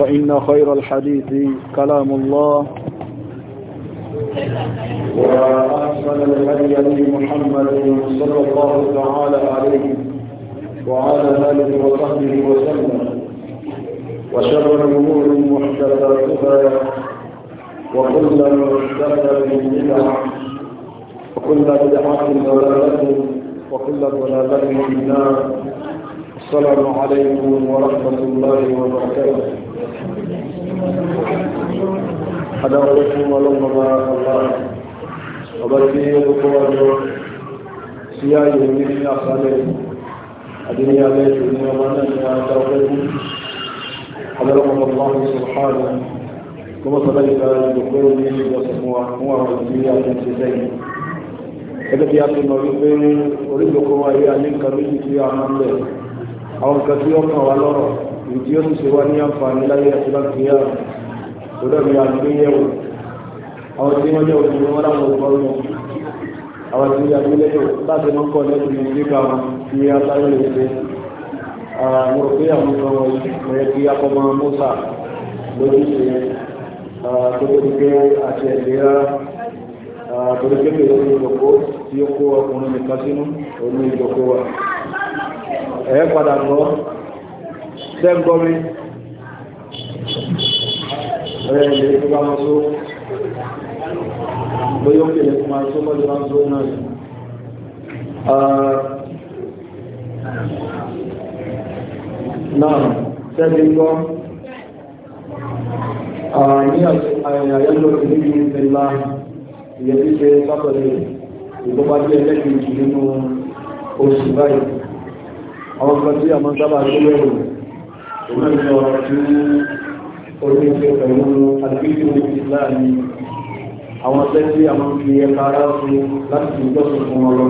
فإن خير الحديث كلام الله وأحسن الهدي محمد صلى الله تعالى عليه وعلى آله وصحبه وسلم وشر الأمور محدثاتها وكل محدثة بدعة وكل بدعة ضلالة وكل ضلالة في النار السلام عليكم ورحمة الله وبركاته هذا عليكم ولما بارك الله وبركاته بقوة سياي من أخالي الدنيا ليس من أمانة توقيت هذا رحمة الله سبحانه كما صدقت بقوة وصفوة هو الدنيا التي زين هذا في أصل ما يقول أريد بقوة هي أن ينكر بجي في أعمال àwọn nǹkan tí ó kàn wá lọ́rọ̀ èyí tí ó sì ṣe wá ní àǹfààní láyé àti láti yá lọ́dọ̀ mi àgbéyẹ̀wò àwọn tí wọ́n jẹ́ òkú ni wọ́n láwọn ọgbọ́n wọn àwọn tí a ti lẹ́yìn láti mọ́ kọ́ lẹ́sìn ní nípa wọn tí a sáré lè ṣe mo rò àwọn kan wọ̀nyí mo yẹ kí akọ́mọ mọ́sà lójúṣe tó tó di pé àti ẹ̀dẹ́ rárá torí pé kèrè ní tí ó kó ọkùnrin nìkan sínú òun ní wa ẹ̀ padà gbọ́ tẹ́ ń gbọ́ mi ọ̀rẹ́ ilẹ̀ tó bá mọ́ tó bóyọ́ kèlè fún àti tó mọ́jú máa tó náà ni náà tẹ́lẹ̀ gbọ́ ní àyẹ̀lò ìlú ìpínlá ìyẹ̀bí ṣe sátọ̀lẹ̀ ìgbọ́bá jẹ́ ẹlẹ́gbẹ̀ẹ́ nínú oṣù báyìí àwọn kan tí a máa sábà nílẹ̀ òun ní ọ̀rọ̀ tí orí ṣe pẹ̀lú àdíkù ìsìláàmì àwọn tẹ́ tí a máa fi ẹka ara fún láti ìjọsìn fún wọn lọ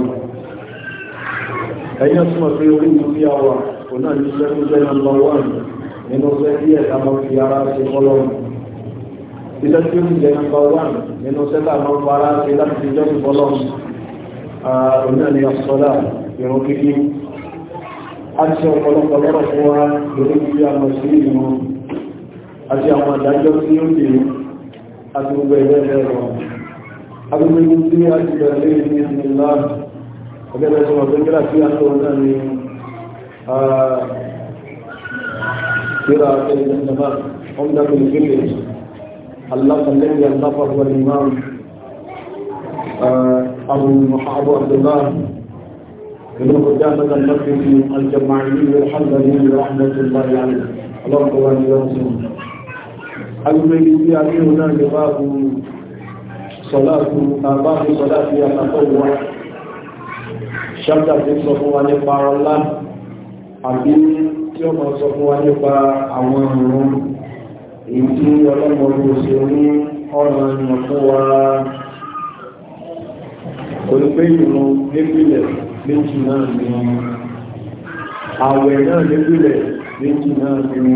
ẹ̀yìn ọ̀túnmọ̀ pé orí mi bí a wà kò náà ní iṣẹ́ tó jẹ́ nọmba wọ́n nínú iṣẹ́ tí ẹ̀ka máa fi ara ṣe fọ́lọ́run iṣẹ́ tí ó ti jẹ́ nọmba wọ́n nínú iṣẹ́ tá a máa fara ṣe láti ìjọsìn fọ́lọ́run òun náà ni àṣọ́lá ìrún kíkí àti ọ̀pọ̀lọpọ̀ lọ́rọ̀ fún wa lórí bí a mọ̀ sí ìmọ̀ àti àwọn àdájọ́ tí ó dé àti gbogbo ẹ̀rẹ́ ẹ̀rọ agbègbè tí a ti bẹ̀rẹ̀ lé ní ìlà ọgbẹ́rẹ́ sọ̀rọ̀ tó kíra sí àtọ́ náà ni Abu Muhammad بن قدامة المقدسي الجماعي الحنبلي رحمة الله عليه اللهم صل وسلم المجلس يعني هنا باب صلاة باب صلاة يتطوع ṣáàtà tí sọ fún wa nípa ọlá àbí tí ó máa sọ fún wa nípa àwọn ìrún èyí tí ọlọ́mọ oṣù ní ọ̀nà ìrìn fún wa olùgbé ìrún nípìnlẹ̀ méjì náà ni àwẹ̀ náà nípìnlẹ̀ méjì náà ni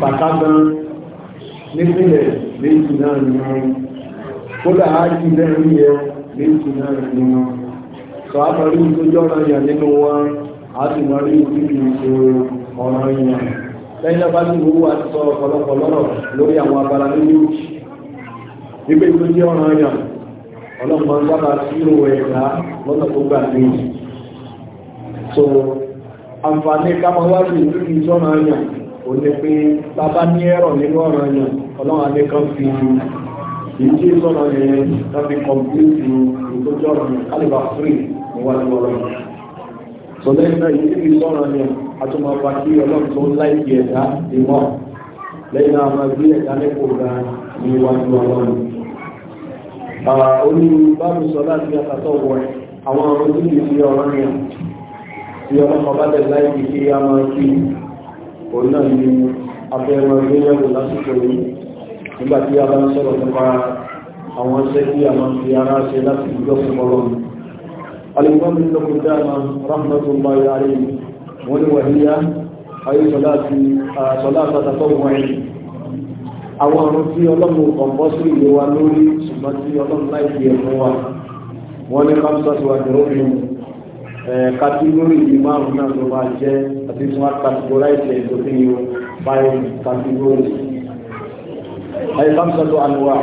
pàtàkì nípìnlẹ̀ méjì náà ni kódà ájì lẹ́rin yẹ méjì náà ni sọ àmàrí tó jọ́ra yà nínú a sì máa rí ti ọlọ́pàá ń dábàá sí ìwò ẹ̀dá lọ́nà tó gbà ní ìlú so àǹfààní kámọ́ wá sí ìlú ní ìjọ́nà àyàn ò ní pé bàbá ní ẹ̀rọ nínú ọ̀rọ̀ àyàn ọlọ́run alẹ́ kan fi ìdí ìjọ́nà yẹn láti kọ̀m̀pútì so lẹ́yìn náà ìdí ìjọ́nà yẹn àtúmọ̀ bá kí ọlọ́run tó láìpì ẹ̀dá ìmọ̀ lẹ́yìn náà máa gbé ẹ̀dá lẹ́kọ̀ọ́ gan níwájú ọlọ́run oníbàbí sọ láti àtàtọ̀ wọ̀ àwọn ọ̀rọ̀ tí kìí sí ọ̀rọ̀ rìn tí ọlọ́pàá bá tẹ̀ láì fi kí a máa kí òun náà ní abẹ́rẹ́ ìgbéyàwó lásìkò yìí nígbà tí a bá ń sọ̀rọ̀ nípa àwọn ṣẹ́ tí a máa fi ara ṣe láti àwọn ọ̀run tí ọlọ́run ọ̀pọ̀ sí ìlú wa lórí ṣùgbọ́n tí ọlọ́run láì fi ẹ̀fún wa wọ́n ní kápsọ̀ tí wà ní orí kàtígórì yìí márùn náà ló máa jẹ́ àti tí wọ́n kàtígóráìsì ẹ̀dọ́ kí ni báyìí kàtígórì. ayé kápsọ̀ tó àníwá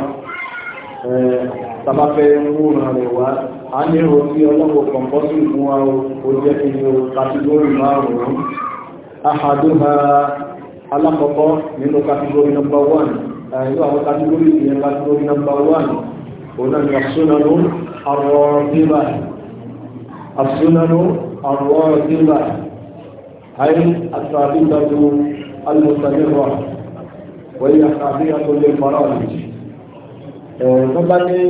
tàbá fẹ́ múràn rẹ̀ wá a ní ìrò tí ọlọ́run ọ̀pọ̀ sí ìfún wa ó jẹ́ kí ni kàtígórì márùn-ún alákọ̀ọ́kọ́ nínú kàtígórì nọmba wán ẹ̀yọ́ àwọn kàtígórì ìyẹn kàtígórì nọmba wán òun náà ni àsúnanú àwọ̀ bíbà àsúnanú àwọ̀ bíbà ayé àtàbíkàtú alùsàmìrọ̀ wọ́n yà àtàbíkàtú lè fara ọ̀nà tó bá ní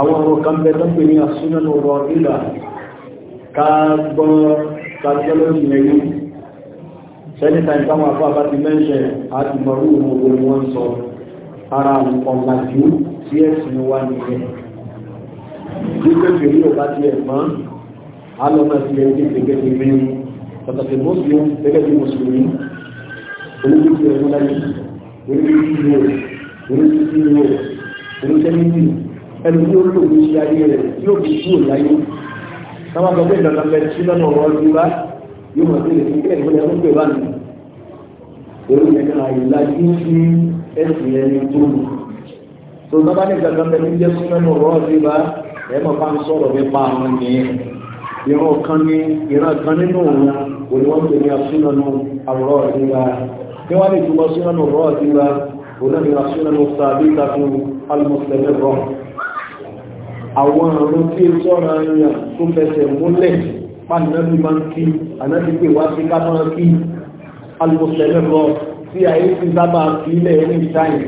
àwọn ọ̀rọ̀ kan bẹ tó pè ní àsúnanú àwọ̀ bíbà ká gbọ́ ká gbọ́ lórí ẹ̀yìn sẹ́nìtà ìbáwọn afọ́ àbáti mẹ́ṣẹ̀ àti mọ̀rú ìwọ̀n wọn sọ ara ọ̀làjú tí ẹ̀sìn wà nìyẹn bí pépè ní ọba ti ẹ̀gbọ́n alọ́mọ ti ẹ̀ ní gẹ́gẹ́ bí rí pàtàkì mọ́sùlùm gẹ́gẹ́ bí mùsùlùmí olùdókè ẹ̀gbọ́n láyé olùdókè ìwò olùdókè ìwò olùdókè ẹni tí ó lò ní ṣe ayé rẹ̀ tí ó fi kúrò láyé táwọn akẹ́kọ̀ọ́ ìdàgbàsókè lọ́nà ọ̀rọ̀ ọdún bá yóò mọ̀ sí ìrètí kí ẹ̀gbọ́n ẹ̀gbọ́n pè bá mi. Èrò ìyẹn àìlájú sí ẹ̀sìn ẹni tó lù. Tó o sábà ní gbàgbọ́ bẹ́ẹ̀ ní jẹ́ súnmẹ́nu rọ́ sí bá ẹ̀ mọ̀ bá ń sọ̀rọ̀ nípa àwọn yẹn. Ìran kan ní ìran kan nínú òun òní wọ́n pè ní asúnanu àwòrán ìdíra. Kí wọ́n lè túbọ̀ súnanu rọ́ ìdíra, òun náà ni asúnanu sàbí ìtàkùn alùmọ̀sẹ̀lẹ̀ rọ̀. Àwọn àrùn tí ó sọ̀rọ̀ àyàn tó fẹsẹ̀ múlẹ̀ pàdánù máa ń kí ànábì pé wá sí kápá kí alùpùpù lọ tí àyè ti sábà fi ilẹ̀ ẹni ìsáyìn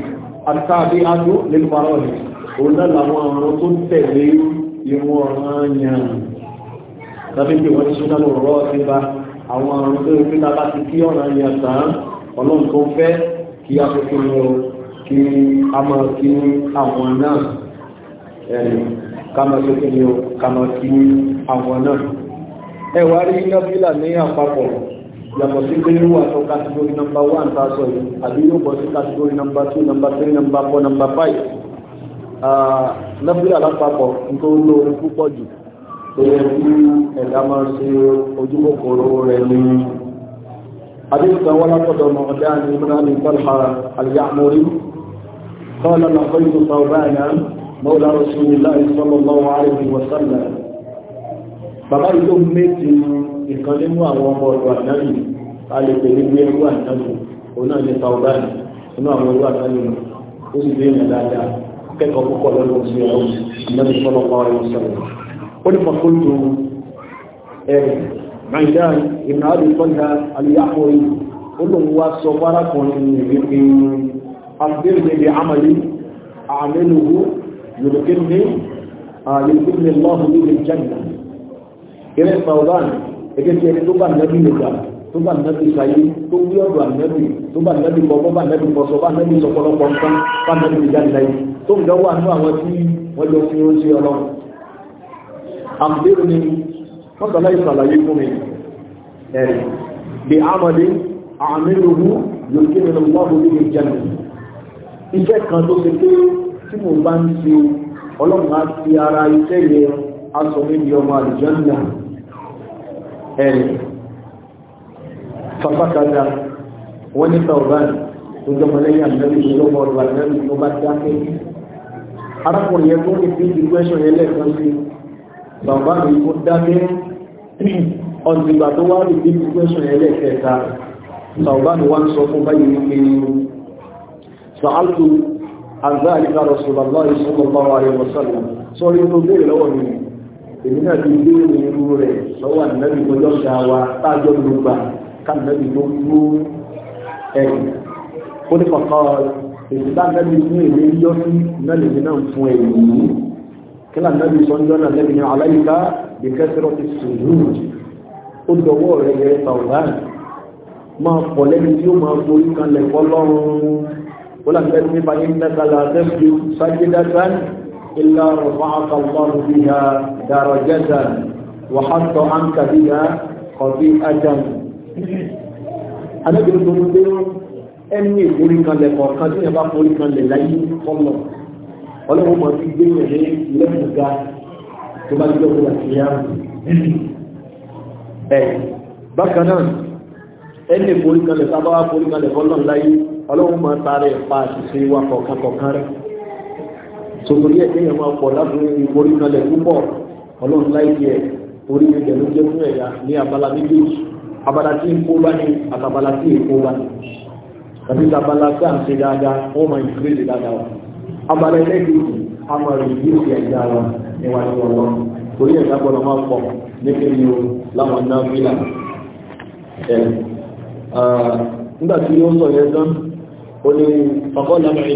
àtàbí adó nínú parọ́ rẹ̀ òun náà làwọn ọ̀rọ̀ tó tẹ̀lé ìwọ̀n ọ̀ràn yàn tàbí pé wọ́n ti ṣúná lọ rọ́ sí bá àwọn àrùn tó ń pínlẹ̀ bá ti kí ọ̀ràn yàn kama kí ni àwọn náà ẹwà rí nọ́bílà ní àpapọ̀ yàtọ̀ sí pé yóò wà tó kátìgórì nọmba one tá a sọ yìí àbí yóò bọ̀ sí kátìgórì nọmba two nọmba three nọmba four nọmba five nọ́bílà lápapọ̀ nítorí lóore púpọ̀ jù tó yẹ kí ẹ̀dá máa ṣe ojú kòkòrò rẹ̀ ní حديث ولا قدم غدان بن ابي طلحه اليعمري قال لقيت ثوبانا مولى رسول الله صلى الله عليه وسلم bàbá yìí ló méjì nìkan nínú àwọn ọmọ ọdọ ànáyì a lè pè ní gbẹrú ànáyì òun náà ní taubani nínú àwọn ọdọ ànáyì nù ó sì gbé yàn dáadáa kẹ́kọ̀ọ́ púpọ̀ lọ́dún sí ọ ìnáwó sọlọ pàwọn ẹni sọ̀rọ̀ ó ní fàkóńtò ẹrù maidan ìmọ̀ àdùn fọ́nà àlùyàpọ̀ yìí ó lòun wá sọ fárakùnrin ìrìnkì ní àyèkú ìrẹ́ fàwọ́dán ẹgbẹ́ tí ẹni tó bá nẹ́bí nìkan tó bá nẹ́bí sáyé tó wí ọ̀dọ̀ ànẹ́bí tó bá nẹ́bí kọ́ bọ́ bá nẹ́bí kọ́ sọ bá nẹ́bí sọ pọ́lọ́pọ́ nǹkan bá nẹ́bí ìjà ìlàyé tó ń dánwó àánú àwọn tí wọ́n jọ fi oúnjẹ ọlọ́run àmúdérò ni wọ́n sọ láì sàlàyé fún mi ẹ̀rì bí àmọ́dé àmìlòhú yóò kí nínú wọ́pù ní ìjẹun iṣẹ́ kan tó ṣe pé tí mo bá ń ṣe ọlọ́run á fi ara iṣẹ́ yẹn aṣọ mi di ọmọ àlùjànnà náà ẹ̀rì fàfàkàdà wọ́n ní tàwọn tó jọmọ lẹ́yìn àmì ìjọba ọ̀rọ̀ àmì tó bá dákẹ́ arákùnrin yẹn tó ní fi ìlú ẹ̀ṣọ́ yẹn lẹ́ẹ̀kan sí bàbá mi kó dákẹ́ ọ̀dìgbà tó wá rí ìlú ẹ̀ṣọ́ yẹn lẹ́ẹ̀kẹta bàbá mi wá ń sọ fún báyìí wípé sàálù àgbà àríkà rọ̀ èmi náà ti gbé irú rẹ̀ lọ́wọ́ ànábì kọjọ́ ga wa táàjọ́ ló gbà káànábì tó kú ẹ̀yìn ó ní kọ̀kọ́ èyí táànábì fún èmi yọ sí náà lèmi náà fún ẹ̀yìn yìí kí láànábì sọ ń jọ́nà lẹ́bi ní aláìka bí kẹsìrọ̀ ti sùúrù ó dọwọ́ rẹ̀ yẹ tàwọn máa pọ̀ lẹ́ni tí ó máa forí kan lẹ̀kọ́ lọ́rùn ó làbẹ́ ní báyìí ń dákàlà àtẹ́fù sájẹ́dá sáyẹ́ إلا رفعك الله بها درجة وحط عنك بها خطيئة Àlẹ́bí ló ń gbé ẹni ìforí kanlẹ̀ kọ̀ọ̀kan tí ẹ̀bá forí kanlẹ̀ láyé fọ́lọ̀. Ọlọ́run mọ̀ sí gbé rẹ̀ ní lẹ́mù ga tó bá jẹ́ òun àti ìyá rẹ̀. Ẹ̀ bákan náà, ẹni ìforí kanlẹ̀ sábà forí kanlẹ̀ fọ́lọ̀ láyé, ọlọ́run mọ̀ tààrẹ̀ pa àṣìṣe wa kọ̀ọ̀kan kọ̀ọ̀kan rẹ̀ sotori ẹ̀ kéèyàn máa pọ̀ lábúrò ìforí kalẹ̀ púpọ̀ ọlọ́run láìpẹ́ ẹ̀ orí ẹ̀jẹ̀ ló jẹ́ fún ẹ̀yà ní abala méjèèjì abala tí ń kó bá ní àtàbala tí ń kó bá ní tàbí abala tí à ń ṣe dáadáa wọ́n máa ń kéré ṣe dáadáa wa abala ẹlẹ́gbẹ̀ẹ́jì a máa rìn yóò fi ẹ̀dá wa ẹ̀wà ní ọ̀rọ̀ ẹ̀dá gbọ́dọ̀ máa pọ̀ nípele o láwọn náà fi là ẹ̀ nígbà tí ó sọ yẹn tán ó ní ọkọ̀ làmì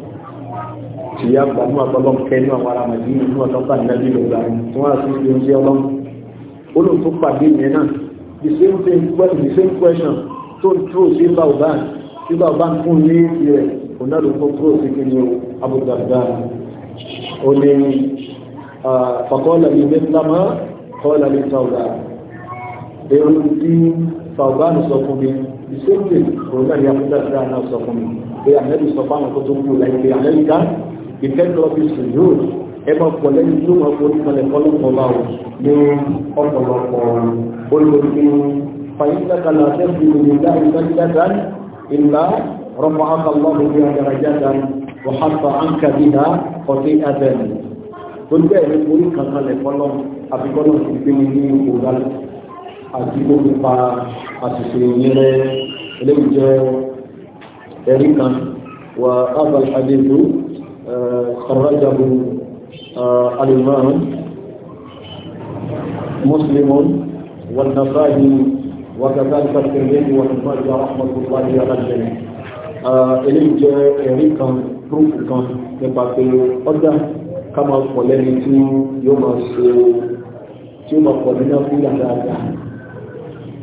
ìyá pàmò àtọ́lọ́m kẹ́nu àwọn ará màdí inú ọ̀tọ́pá ìdájí lọ́gbà tí wọ́n àti ìdí oúnjẹ ọlọ́m olóò tó pàdé yẹn náà the same thing question the same question tó ń tró sí bàbá sí bàbá fún ní ìrẹ̀ onálùkọ́ tró sí kí ni Abu Darda ó ní fàkọ́lá ní mẹ́tàmá kọ́lá ní sàwùdà èrò tí sàwùdà sọ fún mi the same thing onálùkọ́ Abu Darda náà sọ fún mi pé àmẹ́lì sọ fáwọn tó tó kú láì pé àmẹ́lì ká ìfẹ́lọ́ bí sùúrù ẹ máa pọ̀ lẹ́yìn tó máa forí kalẹ̀ kọ́lọ́pọ̀ bá wò ní ọ̀pọ̀lọpọ̀ olóògbé fàyíṣẹ́ kalẹ̀ àtẹ́sí ìrìnlá ìdájúdájá ìlà rọ́pọ̀ akọ̀lọ́pọ̀ bí adárajáda wàhálà àǹkàbíyà ọ̀tí àbẹ̀rẹ̀ tó ń bẹ̀rẹ̀ forí kalẹ̀ kọ́lọ́ àbíkọ́lọ́ ti gbé ẹ̀rí kan wà ábàlì àdéhùn خرجه الإمام مسلم والنسائي وكذلك الترمذي وابن ماجه رحمة الله على الجميع eléyìí jẹ́ ẹ̀rí kan proof kan nípa pé ọjà ká máa pọ̀ lẹ́ni tí yóò máa ṣe tí ó máa pọ̀ nínú fún yàtàdà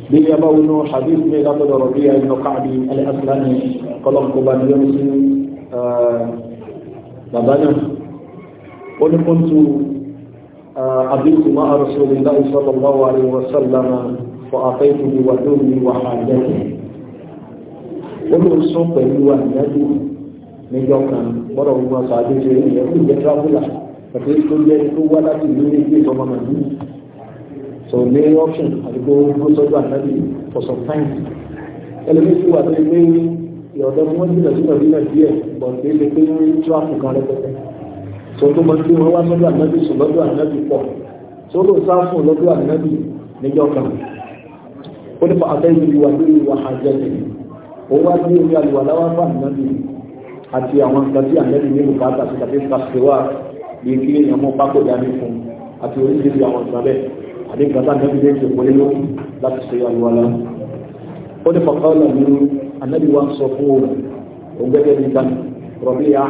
bí i abáwọn náà hadith ní ìlàtọ̀dọ̀rọ̀ bí i ayinọ̀ká àbí alẹ́ asìlánì kọlọ́mkọba ní yọ́n sí bàbá náà ó ní kóńtù àbíkù máa rasulillahi sallallahu alaihi wa sallam fọ àfẹ́tù ní wà tó ní wà àjẹ́kù ó ló sọ pẹ̀lú àjẹ́kù níjọ́ kan bọ́dọ̀ wọn wá sọ àdéjọ ìyẹ̀kù jẹ́ tíráfúlà àti tó jẹ́ tó wá láti ìlú ní ilé ìjọba màdúù so ní option àdúgbò ó sọ́jọ́ àjẹ́kù for some time ẹlẹ́mẹ́sì wà tó ilé ọ̀dọ́ tí wọ́n jìnà sínú ìbílẹ̀ díẹ̀ pọ̀ sí ilé pé wọ́n ń tú àfùkà rẹpẹtẹ tó tó mọ sí wọn wá sọ́dọ̀ ànábì sùn lọ́dọ̀ ànábì pọ̀ tó lò sáfùn lọ́dọ̀ ànábì níjọ́ kan ó ní fàtẹ́yìn ìwà lórí ìwà àjẹsẹ̀ ó wá ní orí àlùwà láwá fún ànábì àti àwọn nǹkan tí ànábì ní bùkátà sí tàbí pàṣẹwà bí kí èèyàn mọ pákó dání fún àti oríṣiríṣi àwọn ìgbà bẹ́ẹ̀ àdéhùn kàtà ànábì lè ṣe pọ̀ nínú láti anabi wa sọ fún òun òun gẹ́gẹ́ bí ìgbà rọ̀bíyà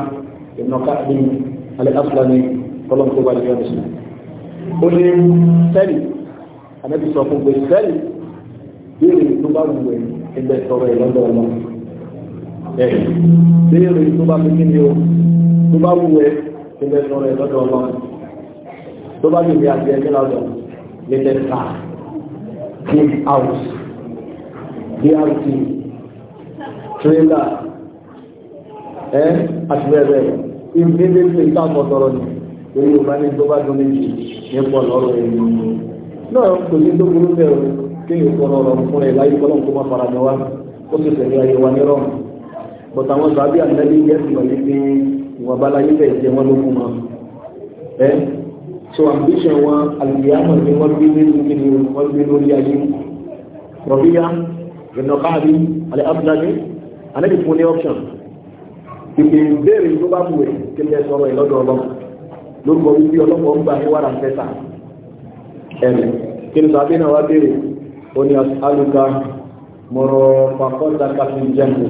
ìnọ̀ká ní alẹ́ afúlá ní kọ́lọ́m tó bá lè yọ̀nù sí. ó ní sẹ́lì anabi sọ fún pé sẹ́lì béèrè tó bá wù ẹ́ ẹgbẹ́ sọ̀rọ̀ ẹ̀ lọ́dọ̀ ọ̀nà ẹ̀ béèrè tó bá fi kíni o out brt tírélà ẹ́ àti bẹ́ẹ̀ ìgbéléwé ìtàkọ̀ sọ̀rọ̀ ni èyí ò bá ní tó bá dún méjì ní pọ̀ lọ́rọ̀ ẹ̀yìn náà kò ní tó burú bẹ́ẹ̀ o kéèyàn kọ́ lọ́rọ̀ fún ẹ̀ láyé kọ́lọ́n kó má fara jọ wá ó sì tẹ̀lé ayé wa ní rọ̀rùn bọ̀tà àwọn sàbí àtẹ́lẹ́ yẹ́ sì wà ní pé ìwà balaye bẹ́ẹ̀ jẹ́ wọn ló fún wọn ẹ́ so ambition wọn àlùyàmọ̀ ni wọ́n gbé lórí kí ni wọ́n gbé lórí ayé rọ̀bíyá ìnàkáàbí alẹ́ àlejò fún ní option ìpè ìbéèrè tó bá wù ẹ́ kí ni ẹ sọ̀rọ̀ ẹ lọ́dọ̀ ọlọ́mọ lórúkọ wípé ọlọ́pàá ń gba ní wàrà fẹ́ta ẹ̀rẹ̀ kí ni sàbí náà wá béèrè ó ní alùka mọ̀rọ̀ pàkọ́ta káfí jẹ́mù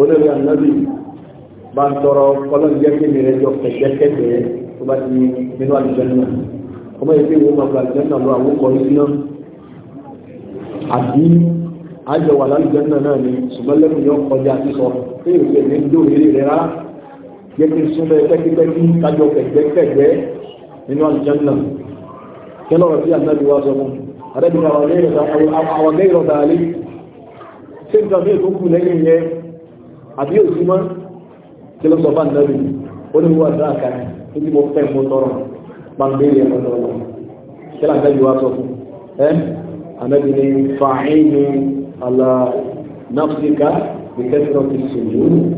olórí ànábì bá ń tọrọ kọ́lọ́ jẹ́ kí mi rẹ̀ jọ kẹ̀kẹ́kẹ̀kẹ́ tó bá ti nínú àlùjẹ́nà ọmọ ìpé ìwé máa gba àlùjẹ́nà lọ àwọn kọ́ àjọ wà lálùjẹ́ náà náà ni ṣùgbọ́n lẹ́nu yọ kọjá sísọ pé ìwé mi ń dó ìrírí rẹ rárá yẹ kí n súnmọ́ pẹ́kípẹ́kí kájọ pẹ̀gbẹ́pẹ̀gbẹ́ nínú àlùjẹ́ náà kẹ́lọ́ rẹ̀ sí ànábi wa sọ fún àdẹ́bí àwọn gẹ́rọ̀ dàálé ṣé nǹkan bí èkó kù lẹ́yìn yẹn àbí òsì mọ́ kí ló sọ fún ànábi ó ní wọ́n àdá àkàrà ó ti fẹ́ mọ́ tọrọ pàǹdéèrè ẹ̀kọ́ tọrọ kí ló wa sọ fún ẹ́ ànábi ni fàáyé ni على نفسك بكثرة السجود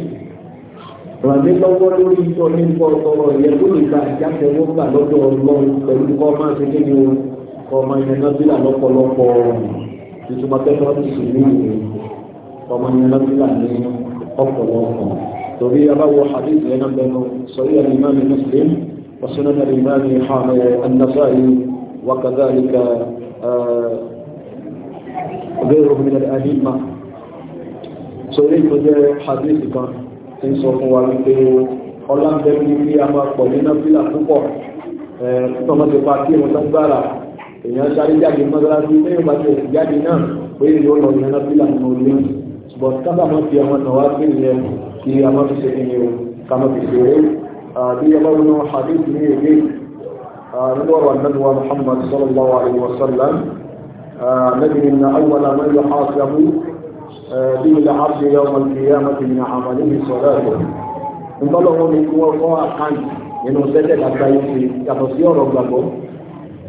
ràdé lọ́wọ́ lórí ìtọ́ ní pọ̀tọ́rọ̀ yẹ tó lè ka ìjáde owó gbà lọ́dọ̀ ọlọ́run pẹ̀lú kọ́ máa ṣe kí ni o kọ́ máa yẹn nábìlà lọ́pọ̀lọpọ̀ ìtumọ̀ tẹ́tọ́ ti sì ní ìwé kọ́ máa yẹn nábìlà ní ọ̀pọ̀lọpọ̀ torí abáwọ̀ hadith yẹn náà bẹnu sọ̀rí al-imam muslim wa sunan al-imam ahmed an-nasa'i wa kadhalika غيره من الأئمة سوري كذا حديث كان إن سوف وارده ọlá ń bẹ̀rù ní bí a máa pọ̀ ní nọ́fílà púpọ̀ púpọ̀ mọ́ ti pa kí wọ́n tán gbára èèyàn sáré jáde mọ́sálásí lẹ́yìn bá ti ẹ̀sìn jáde náà pé yóò lọ ní nọ́fílà nínú ilé ṣùgbọ́n sábà máa fi ọmọ náà wá sí ìyẹn kí a máa ni o Muhammad sallallahu نجد ان اول من يحاسب به العبد يوم القيامه من عمله صلاته ńbọ́lọ́wọ́ ni kí wọ́n fọ́ àkáǹtì nínú tẹ́tẹ́ kàkà ìṣe yàtọ̀ sí ọ̀rọ̀ gbàgbọ́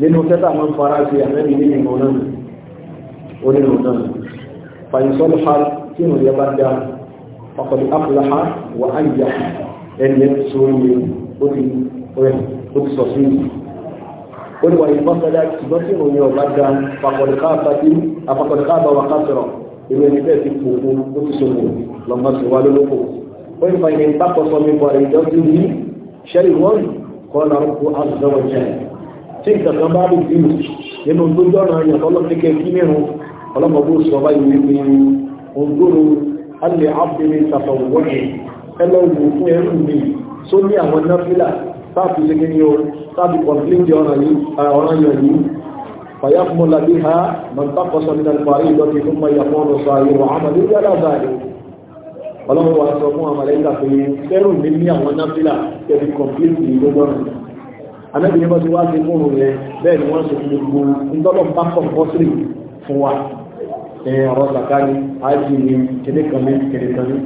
nínú tẹ́tẹ́ àwọn fara ṣe àmẹ́bí nínú ìmọ̀ náà onínú náà fàyìnsọ́lù ha tí ìrìn yẹn bá dá ọkọ̀dé afúláha wà á yà ẹni sórí ó ti sọ sí ìlú قل وإن فصلت بصر يوم فقد خافت فقد خاب وخسر إن نفاس الكفور وتسمون لما سوال الوقوف وإن فإن انتقص من فريضته شيء قال رب عز وجل تلك كمال الدين nínú tó jọ́nà ẹ̀yàn tọ́lọ́ ti kẹ́ kí mẹ́rún ọlọ́mọbó sọ báyìí wípé òǹdóró alẹ́ àbẹ̀rẹ̀ tàfàwọ́rẹ̀ ẹlọ́wọ̀ fún ẹrù mi só ní àwọn náfílà táàbì lè ní o táàbì kọ̀m̀plíǹdì ọ̀nà yìí ọ̀nà uh, yọ̀ yìí fàyàfùmọ̀ làbí ha mọ̀tàkọ̀sọ̀ nínú àlùfààrí ìdọ̀tí fún mayàfọ́ ọ̀nà sọ ayé wà ámà ní yàrá báyìí ọlọ́run wa sọ fún àmàlẹ́ ìgbà pé fẹ́rùn mi ní àwọn náfìlà tẹ̀lé kọ̀m̀plíǹdì gbogbo ọ̀nà anábìyẹn bá ti wá sí fóònù rẹ bẹ́ẹ̀ ni wọ́n sọ fún gbogbo ńdọ́lọ́ bá kọ̀m̀pọ́sìrì fún wa ọ̀rọ̀ sàkà ni ájì ni kẹ̀lẹ́kànlẹ́ kẹ̀lẹ́kànlẹ́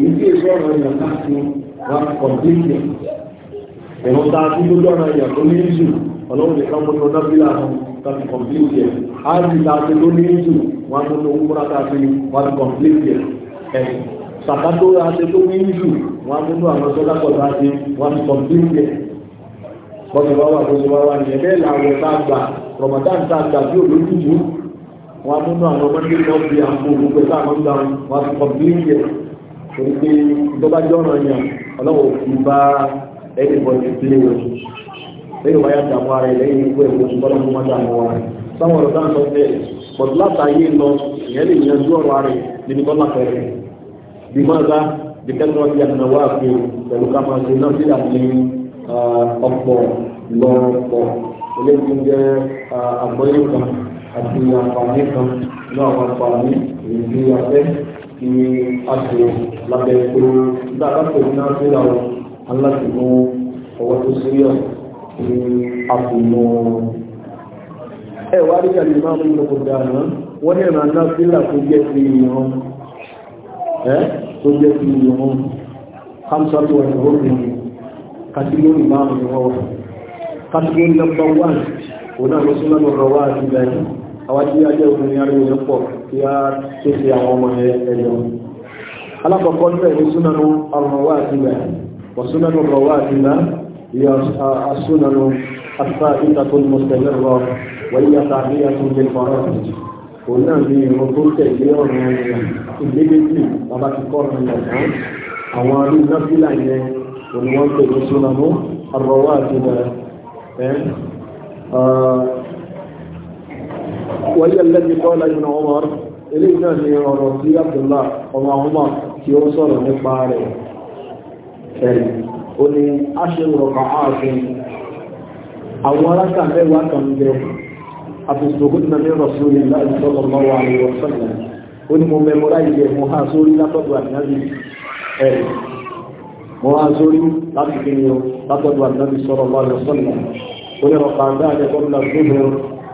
kìí sí èso ọ̀rọ̀ èèyàn láti wá kọ̀m̀pìtì ẹ̀rọ ta tí lójú ọ̀rọ̀ èèyàn tó ní ìjù ọlọ́run lè kọ́ mọ́tò dábìlà àwọn tàbí kọ̀m̀pìtì ẹ̀ á ti ta tí ló ní ìjù wọn tó tó ń múra tàbí wá kọ̀m̀pìtì ẹ̀ sàkátó àti tó ní ìjù wọn tó tó àwọn sọ́dá pọ̀ láti wá kọ̀m̀pìtì ẹ̀ bọ́sẹ̀ bá wà bọ́sẹ̀ bá wà ní ẹ̀bẹ́ làwọn tá a gbà rọ̀mọ̀tán tá a gbà bí wọn mú náà bí ń gbà torí pé ìjọba jọ́nà yàn ọlọ́wọ́ fi bá ẹni bọ̀dì sílé wọn lẹ́yìn wáyà dàmú ara ẹ̀ lẹ́yìn ikú ẹ̀kọ́ ṣùgbọ́n ọmọ máa dàmú wa sáwọn ọ̀rọ̀ dáhùn sọ pé bọ̀dù látàyè lọ ìyẹn lè yanjú ọ̀rọ̀ rẹ̀ níbi bọ́lá pẹ̀lẹ́ bí máa bá bí kẹ́kọ̀ọ́ ti àná wá pé pẹ̀lú ká náà sílẹ̀ àti ọ̀pọ̀ lọ́pọ̀ eléyìí jẹ́ àgbọ́yé kan àti àǹfààní kan náà wọn àǹfààní ìrìndí afẹ́ tí a ṣe lábẹ́ pé nígbà lápẹ̀ ní nàìjíríà o aláti mú ọwọ́ tó síríọ̀ ní àfihàn ẹ wá rí kàlí máa mú ìlú kòtà náà wọ́n ní ìrìn nàìjíríà tó jẹ́ sí ìran ẹ tó jẹ́ sí ìran hamsatu wa ìrọ̀lẹ́ kàtígórì máa mú ìran wà kàtígórì number one òun náà lọ sí lọ́nà ọ̀rọ̀ wá àti ìdájọ́ àwọn tí a jẹ́ obìnrin arìnrìn pọ̀ tí a tó fi àwọn ọmọ ẹ̀yọ alákọ̀ọ́kọ́ ní ẹ̀rí súnanú ọ̀rọ̀wà àtìgbà ọ̀súnanú ọ̀rọ̀wà àtìgbà yọ asúnanú afá ìtàkùn mọ̀sẹ̀lẹ̀ rọ wẹ̀yẹ tàbíyà tó ń gbẹ̀kọ̀ ọ̀rọ̀ òun náà ní ìrọ̀ tó tẹ̀lé ọ̀rọ̀ ìgbẹ́gbẹ́sì bàbá ti kọ́ ọ̀rọ̀ ìyàtọ̀ wọ́n tẹ̀lé súnanú ọ̀rọ̀wà àtìgbà wọ́n yẹ lẹ́bi kọ́lá ibn Umar eléyìí náà ni ọ̀rọ̀ sí Abdullah ọmọ ọmọ tí ó sọ̀rọ̀ nípa rẹ̀ ẹ̀rì ó ní aṣèrọ̀kọ̀ ààfin àwọn arákà mẹ́wàá kan bẹ àfisògùn náà ní Rasulillah sallallahu alaihi wasallam ó ní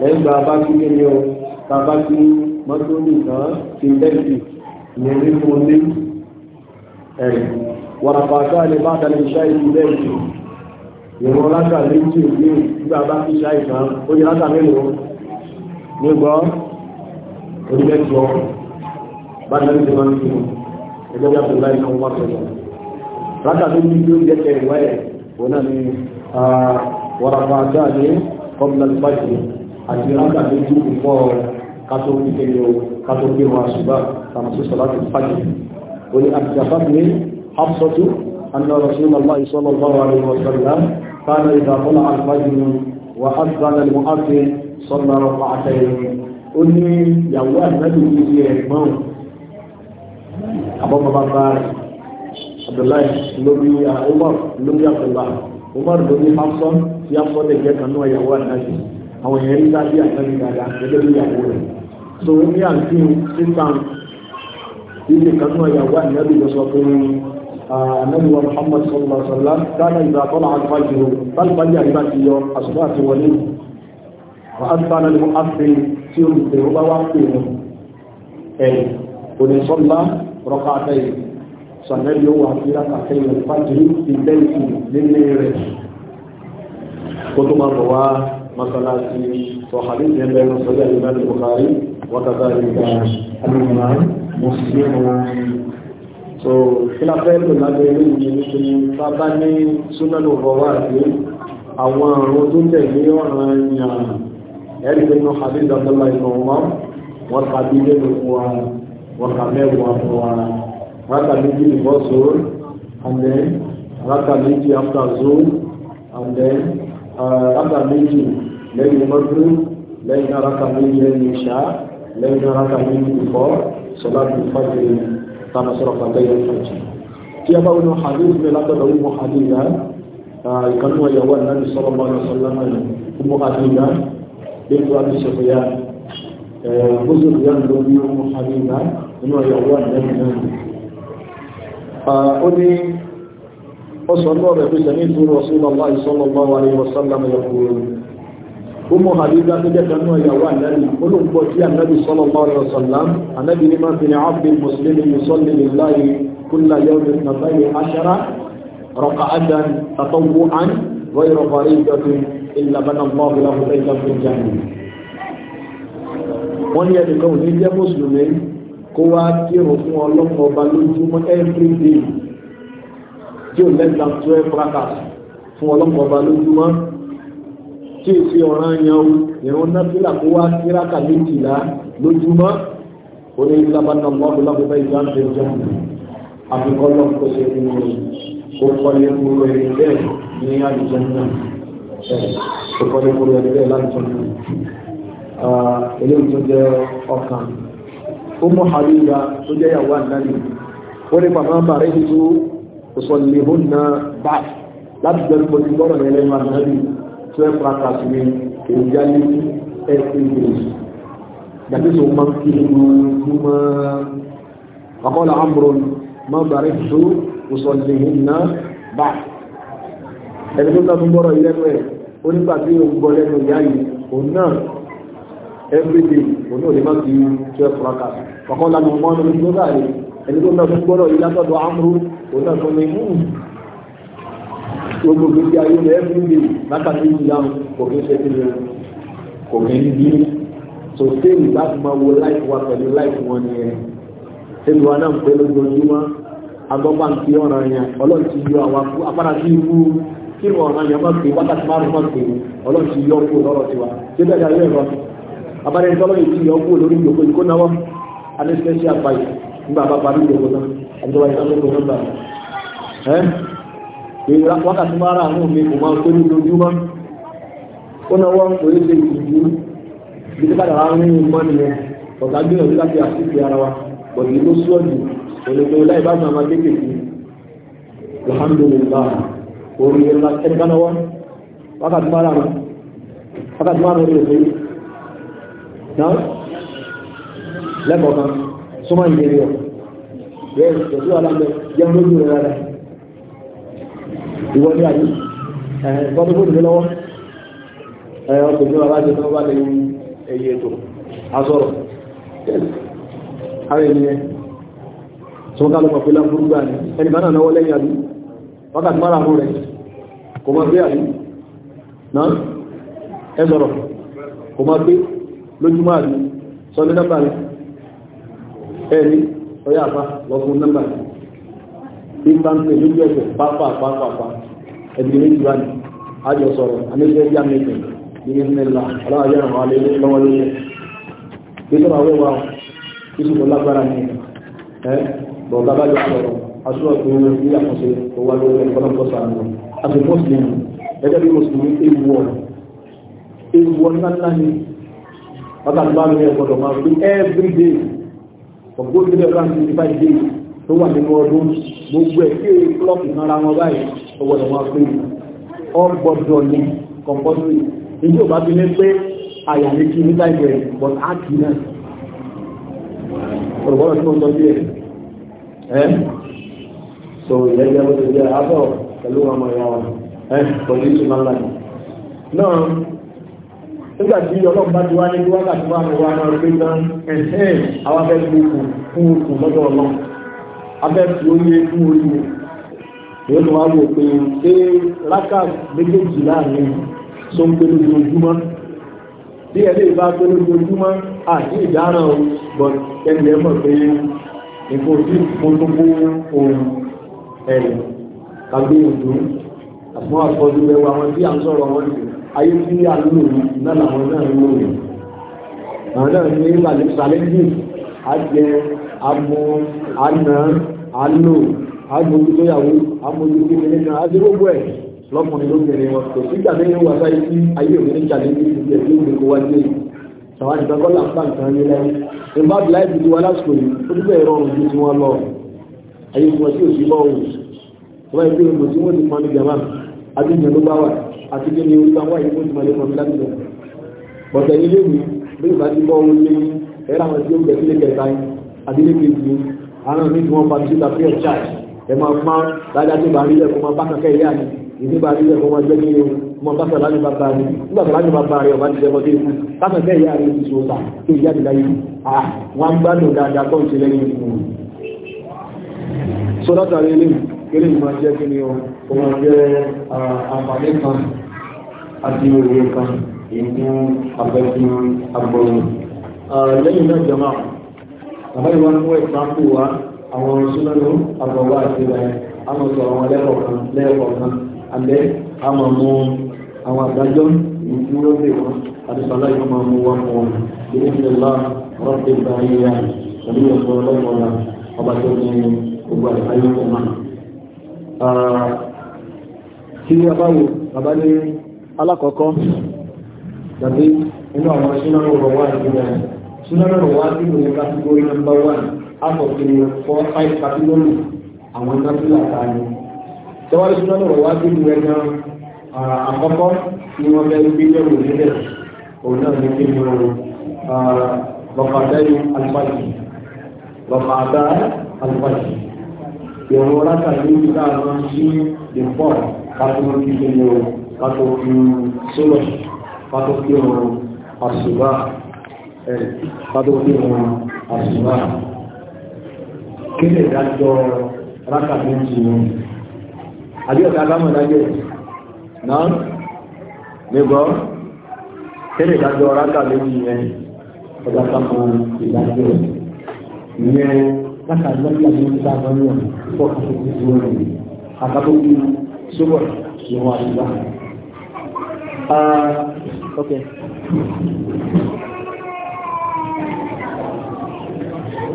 lẹ́yìn gba bá kí ní o ta bá kí mọ́tò nìkan ti lẹ́sì ní orí fún un ní ẹ̀rì wàrà pàṣẹ àlè bá tẹ̀lé iṣẹ́ ìlú lẹ́sì ìwọ̀n látà méjì ní ìgbà bá kí iṣẹ́ ìkan ó yẹ látà mélòó ní gbọ́ onílẹ̀tì ọ bá tẹ̀lé ti máa ń fi ẹgbẹ́ bí àtúndà ìkan wọ́n bá tẹ̀lé ni ah, wàrà pàṣẹ àlè àti rákà méjì púpọ̀ kátó kékeré o kátó gbé wọn àṣùbà tàbí sí sọlá tó fàjì ó ní àtìjàfà ní hapsọ́tù anna rasulallah sallallahu alaihi wa sallam kana idha qala al-fajr wa adhana al-mu'adhdhin salla rak'atayn ó ní ìyàwó àdínàbì ní ilé ẹ̀gbọ́n àbọ̀bọ̀bá báyìí abdullahi lórí umar lórí abdullahi umar lórí hapsọ́ tí hapsọ́ lè jẹ́ kanú ìyàwó àdínàbì àwọn èèyàn rí lábí àtẹ́rí dáadáa gẹ́gẹ́ bí ìyàwó rẹ̀ so ó ní àǹtí sísan ilé kanú ìyàwó ànábì lọ sọ pé ànábì wa Muhammad sallallahu alaihi wa sallam dáná ìgbà tọ́lá àtúfájú tálùbájú àríwá ti yọ àṣùgbọ́ àti wọlé wọ́n á bá lọ́lẹ́mú áfẹ́ tí ó lùpẹ̀ ó bá wá pè wọn ẹ̀ kò ní sọ́lá rọ́pá àtẹ́yìn sànẹ́bí ó wà sí àtàkẹ́yìn àtúfájú ìbẹ́ẹ̀kì nílé rẹ̀ kó tó máa bọ̀ wá masalasi sọ̀hálí jẹ́lẹ̀ sọ́lẹ̀ ìbẹ̀rẹ̀ Bukhari وكذلك الإمام مسلم so kílá fẹ́lú lábẹ́ ilé ìjẹ́ ní bàbá ní súnmọ́lù ọ̀rọ̀wà àti àwọn àrùn tó tẹ̀lé ọ̀rọ̀ ẹ̀yà ẹ̀rìnlẹ́nu hadith abdullahi ìgbọ̀nwọ́ wọ́n tàbí lẹ́nu wa wọ́n kà mẹ́wàá wa rákà méjì before and then rákà méjì after zoon and then rákà méjì lẹ́yìn mọ́tún lẹ́yìn rákà méjì lẹ́yìn ìṣá lẹ́yìn rákà méjì ìfọ́ sọlá ti fàjì tàbí sọ̀rọ̀ fàjì yẹn fàjì. tí a bá wọn hadith mi látọ̀dọ̀ wọn hadith náà ìkànnì wọn yẹwọ́ náà ní sọ̀rọ̀ bá wọn sọ̀rọ̀ náà wọn hadith náà lẹ́yìn wọn ti sọ̀rọ̀ yá bóso ìyá lórí wọn hadith náà nínú ọ̀yọ̀wọ́ náà ó ní وصلى وسمعت رسول الله صلى الله عليه وسلم يقول Umu Habiba tó jẹ́ kanú ìyàwó ànábì olóńgbò tí ànábì sallallahu alaihi wasallam ànábì ní máa fi ní abdi mùsùlùmí yusalli lillahi kulla yawmin nàbáyé ashara raka'atan tatawwu'an ghayra fariidatin illa bana Allahu lahu baytan fil jannah. Wọ́n ní ẹnìkan fún ọlọ́pàá every day tí ò lẹ́gbàá twelve rakas fún ọlọ́pàá ọba lójúmọ́ tí èsì ọ̀ràn yan o ìrún náfìlà kó wá sí raka méjìlá lójúmọ́ orí lábàtà mọ́bù lábùbá ìgbà ń tẹ̀lé jẹun àfikọ́ lọ́pọ̀ ṣe ní orí kó kọ́lé kúrò ẹni bẹ́ẹ̀ ní àdìjọ náà kó kọ́lé kúrò ẹni bẹ́ẹ̀ láàdìjọ náà eléyìí tó jẹ́ ọkàn ó mọ̀ àríyá tó jẹ́ yàwó àdáni ó ní bàbá bàrẹ́ ìlú òsọ̀lẹ̀hónà báyìí láti jẹ́rú pọ̀ sí gbọ́nà ẹ̀rẹ́ máa náà rí tó ẹ̀ pàtà sí ní èròjà ní ẹ̀sìn ìgbèrè dàbí tó máa ń fi gbogbo ọkọ̀lá àmúròn máa bàrẹ̀ tó òsọ̀lẹ̀hónà báyìí ẹni tó tàbí gbọ́rọ̀ ilẹ́nu ẹ̀ ó nígbà tí ó gbọ́ lẹ́nu ìyá yìí òun náà everyday òun náà lè má fi tó ẹ̀ pàtà ọkọ̀lá àmúròn máa ń ẹni tó náà fún gbọ́dọ̀ yìí látọ̀dọ̀ amúrú òun náà fún mi hmm, gbogbo gbèsè ayé rẹ̀ ẹ̀fún mi lákàtí ìyàwó kò kí ń ṣe kí ni kò kí ń bí so sẹ́yìn láti máa wo láìpù wa pẹ̀lú láìpù wọn ni ẹ̀ sẹ́yìn wa náà ń pẹ́ lójoojúmọ́ agbọ́pá ń fi ọ̀ràn yẹn ọlọ́run ti yọ àwọn akú afárá sí ikú kí wọn ọ̀ràn yẹn máa pè wákàtí márùn máa pè ọlọ́run ti yọ kú lọ́rọ̀ tiwa ṣé bẹ́ẹ̀ dàrí ẹ̀rọ abárẹ́ni tọ́lọ́ yìí ti yọ kú lórí ìyókù ìkónáwọ́ alẹ́sẹ̀ṣẹ̀ nígbà bá parí ìjọba náà àjọba ìsàlẹ̀ ìjọba náà ẹ́ ìrora wákàtí máa rà náà mi kò máa tó ní lójúmọ́ ó náà wọ́n kò ṣe ìdíjú bí tí kàdà rárá nínú mọ́ nìyẹn ọ̀gá gbìyànjú láti àṣìṣe ara wa pẹ̀lú ìlú sọ́ọ̀dù òlòdò láì bá máa máa gbé wákàtí máa rà náà wákàtí náà lẹ́kọ̀ọ́ kan súnmọ́ ìlérí ọ̀ bẹ́ẹ̀ tẹ̀sí wà lábẹ́ jẹun lójú rẹ̀ rárá ìwọ ní àyè ẹ̀ẹ́dọ́n tó gbòdìdé lọ́wọ́ ẹ̀ẹ́ ọkùnrin ní bàbá jẹ́ tó bá lè ẹyẹ ètò asọ̀rọ̀ ara ènìyàn tó ń kálùmọ̀ pé lábúrú gbà ní ẹni bá náà náwó lẹ́yìn àbí wákàtí mara mú rẹ̀ kò máa gbé àbí náà ẹ sọ̀rọ̀ kò máa gbé lójúmọ́ àbí sọ ní dábàá rẹ̀ ẹni ọyá àbá lọ́kùn nọ́mbà tí ń bá ń pè lójú ẹ̀sẹ̀ pápá pápá ẹ̀dùn méjì wá ní àjọ sọ̀rọ̀ àmẹ́jẹ́ ẹ̀yà mẹ́tẹ̀ ní ìsinmi aláwọ̀yẹ́ àwọn alẹ́ lọ́wọ́ lórí bí sọ́nà ọwọ́ wa títí kò lágbára ní ẹ bọ̀ lábájọ sọ̀rọ̀ aṣọ ọ̀tún ní àkọsí tó wá lórí ọlọ́pọ̀sọ̀ àwọn àti mọ́sùlùmí ẹgbẹ́ bí mọ́sùlùmí ewu wọ́n tàbí bá mi ẹ̀ gbọ́dọ̀ máa fi every day ọ̀gbọ́n tó lè rán ní five days tó wà nínú ọdún gbogbo ẹ̀ kí èyí klọ́ọ̀kì nára wọn báyìí ọwọ́ lọ́wọ́ pé ọgbọ́dọ̀ ni compulsory èyí ò bá fi ní pé àyà ní kí nígbà ìgbẹ̀ but áàkì náà ọ̀rọ̀gbọ́dọ̀ tí mo sọ sí ẹ̀ so ìyẹn jẹ́ bó ti jẹ́ abọ́ pẹ̀lú ọmọ ìyá wa ẹ̀ pẹ̀lú ìtumọ̀ láì náà nígbà tí ọlọ́pàá ti wá ní bí wákàtí wá ní wá náà rí gbá ẹ̀ṣẹ́ àwọn abẹ́fẹ́ òkú fún òkú lọ́dọ̀ ọlọ́run abẹ́fẹ́ ó yé fún orí mi yóò tún wá wò pé ṣé rákà méjèèjì láàrin tó ń pé lójoojúmọ́ bí ẹ lè bá pé lójoojúmọ́ àti ìdáràn bọ̀ ẹni ẹ pé nǹkan òsì mo ohun ẹ̀rìn kàgbé òdò àfọwọ́ àfọ́jú rẹwà wọn tí à ń sọ̀rọ̀ wọn nìyẹn ayé tí a lò náà náà àwọn náà ní ìlànà ṣàlẹ́jì àjẹ amọ àná àlò àgbòjú tó yàwó náà àti gbogbo ẹ̀ lọ́kùnrin wọn kò tí ayé òní gbé kó nǹkan ní lẹ́yìn ìbá bìláì ti di wa lásìkò yìí ó dúpẹ́ ju lọ ayé tí sì bọ́ yẹ àti kí ni orúkọ àwọn ìfún ìtumọ̀ lẹ́kọ̀ọ́ mi láti lọ. bọ̀tẹ̀ ilé mi bí ìgbà tí bọ́ wọn lé ẹ̀rọ àwọn tí ó gbẹ̀ sílé kẹta yìí kejì àwọn mi tí wọ́n pa sí tàbí ẹ̀ charge ẹ̀ máa pọ́n dáadáa tó bá rí lẹ̀ kó máa bá kankan ìyá mi ìdí bá rí lẹ̀ kó máa jẹ́ kí ọmọ bàtà láti bá bá rí nígbà tó láti bá bá rí ọba jẹ́ kí ni ọmọ jẹ́ àǹfààní kan àti òwe kan ìlú abẹ́kí agbọ́nù. lẹ́yìn náà jọmọ́ bàbá ìwà ń wọ ìsáàpù wa àwọn súnmọ́nù àbọ̀wá àti ìlànà àmọ̀ sọ àwọn lẹ́kọ̀ọ̀kan lẹ́kọ̀ọ̀kan alẹ́ àmọ̀ mú àwọn àdájọ́ ìlú lóde wọn àti sàlá yóò máa mú wọn wọn ìdílé ní ìlà rọ́pì ìgbàlẹ́yà pẹ̀lú ìyọ̀sọ̀ lẹ́kọ̀ọ̀la ọba tó ní gbogbo àlàyé ọmọ. tí a bá wo bàbá ní alákọ̀ọ́kọ́ tàbí inú àwọn ṣúnáwó rọ̀ wà nínú ẹ̀ ṣúnáwó rọ̀ wà nínú ẹ̀ kátígórì nọ́mbà wà out of the four five kátígórì àwọn náfìlà tààrí tẹ́wájú ṣúnáwó rọ̀ wà nínú ẹ̀ náà àkọ́kọ́ ni wọ́n bẹ́ẹ̀ gbé yẹ̀wò nílẹ̀ òun náà ní kí ni wọ́n bọ̀kàdáyé alifájì bọ̀kàdá alifájì ìrọ̀rọ̀ látàrí ìgbà àwọn sí the four kátígórì kí ni wọ́n pàtàkì sílẹ̀ pàtàkì ọ̀rọ̀ àṣìbá ẹ̀ pàtàkì ọ̀rọ̀ àṣìbá kí lè dájọ́ rákà méjì wọn àbí ọ̀gá alámọ̀dájẹ́ náà nígbọ́ kí lè dájọ́ rákà méjì yẹn ọjà sáfà ìdájọ́ ìyẹn rákà lọ́pàá ní ìdájọ́ náà fọ́kàtàkì sílẹ̀ àtàkì sílẹ̀ ìwọ̀n àṣìbá Uh, okay.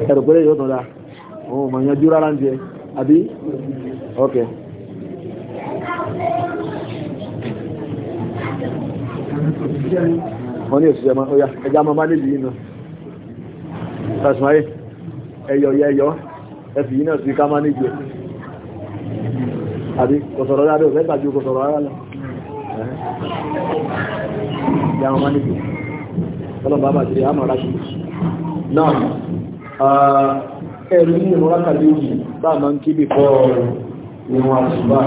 ẹ̀rọ pẹ̀lẹ́ yóò tọ́lá ohun ọmọ ìyànjú rárá ń jẹ àbí okay wọ́n ní òṣìṣẹ́ ma ọya ẹja ma má lè yìí nà ṣàṣùmáyé ẹyọ yẹyọ ẹfì yìí náà sí ká má ní jẹ àbí kòsọ̀rọ̀ rárá ò fẹ́ gbàjú kòsọ̀rọ̀ rárá lọ ìyá wọn máa níbi ọlọ́run bàbá àti àmọ́ ara ṣe náà ẹ̀rù ní ìmọ̀ rákàlẹ̀ òjì bá máa ń kí bí kọ́ ìwọ̀n àṣùbà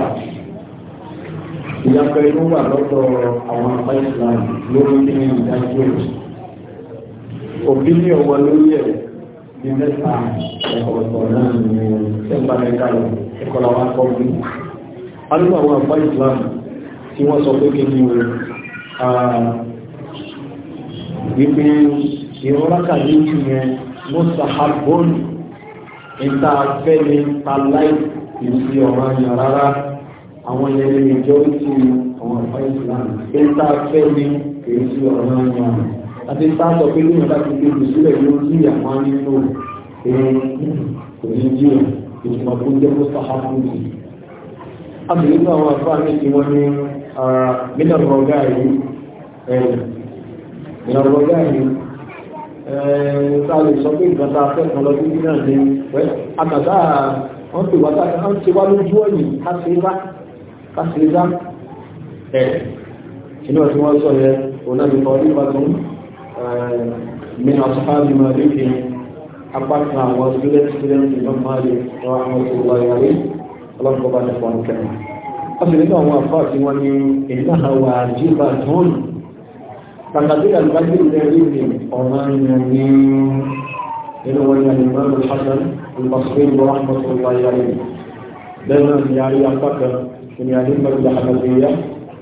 ìyàpẹ̀ inú wà lọ́tọ̀ àwọn apá ìsìlámù lórí ní ìdájọ́ òbí ní ọwọ́ lórí ẹ̀ ní mẹ́ta ẹ̀kọ̀ọ̀tọ̀ náà ní ẹgbàlẹ̀ kalẹ̀ ẹ̀kọ̀lọ́wọ́ akọ́bí alúgbà àwọn apá ìsìlámù tí wọ́n sọ pé kí ni o wípé ìrọ́lákà méjì yẹn ló sàhábọ́ọ̀lù níta fẹ́ni paláì ìsì ọ̀rọ̀ àyàn rárá àwọn ẹni ìjọ ti àwọn ọ̀pá ìsìlámù níta fẹ́ni ìsì ọ̀rọ̀ àyàn àti sáàtọ̀ pé lóyún bá ti gbèbù sílẹ̀ ló ń jí àwọn nínú ẹ̀yìn kò ní jí ìtumọ̀ tó jẹ́ mọ́sàhábọ́ọ̀lù. àbẹ̀lẹ́gbẹ̀ àwọn afáàní tí wọ́n ní من الرجاء من الرجاء sáàlè sọ pé ìgbàta akẹ́kọ̀ọ́ lọ́dún ní náà ní pẹ́ àtàdá wọ́n ti wáta wọ́n ti wá lójú ọ̀yìn káṣíríká ẹ̀ inú ọ̀tún wọ́n sọ yẹ onábìkọ́ nípasùn min asuhabi maliki apákan àwọn student ọ̀sẹ̀lẹ́gbà àwọn àfáà tí wọ́n ní ìlàhàwà àjíbà tán pàtàkìlà lọ́gbàjì lẹ́rí ní ọ̀nà ìrìnàní nínú wọn ni alimọ́lù hasan olùpàṣẹ ìwọ ahmadu wáyáyé lẹ́nà ní àrí apáta ní alimọ́lù hamadiyya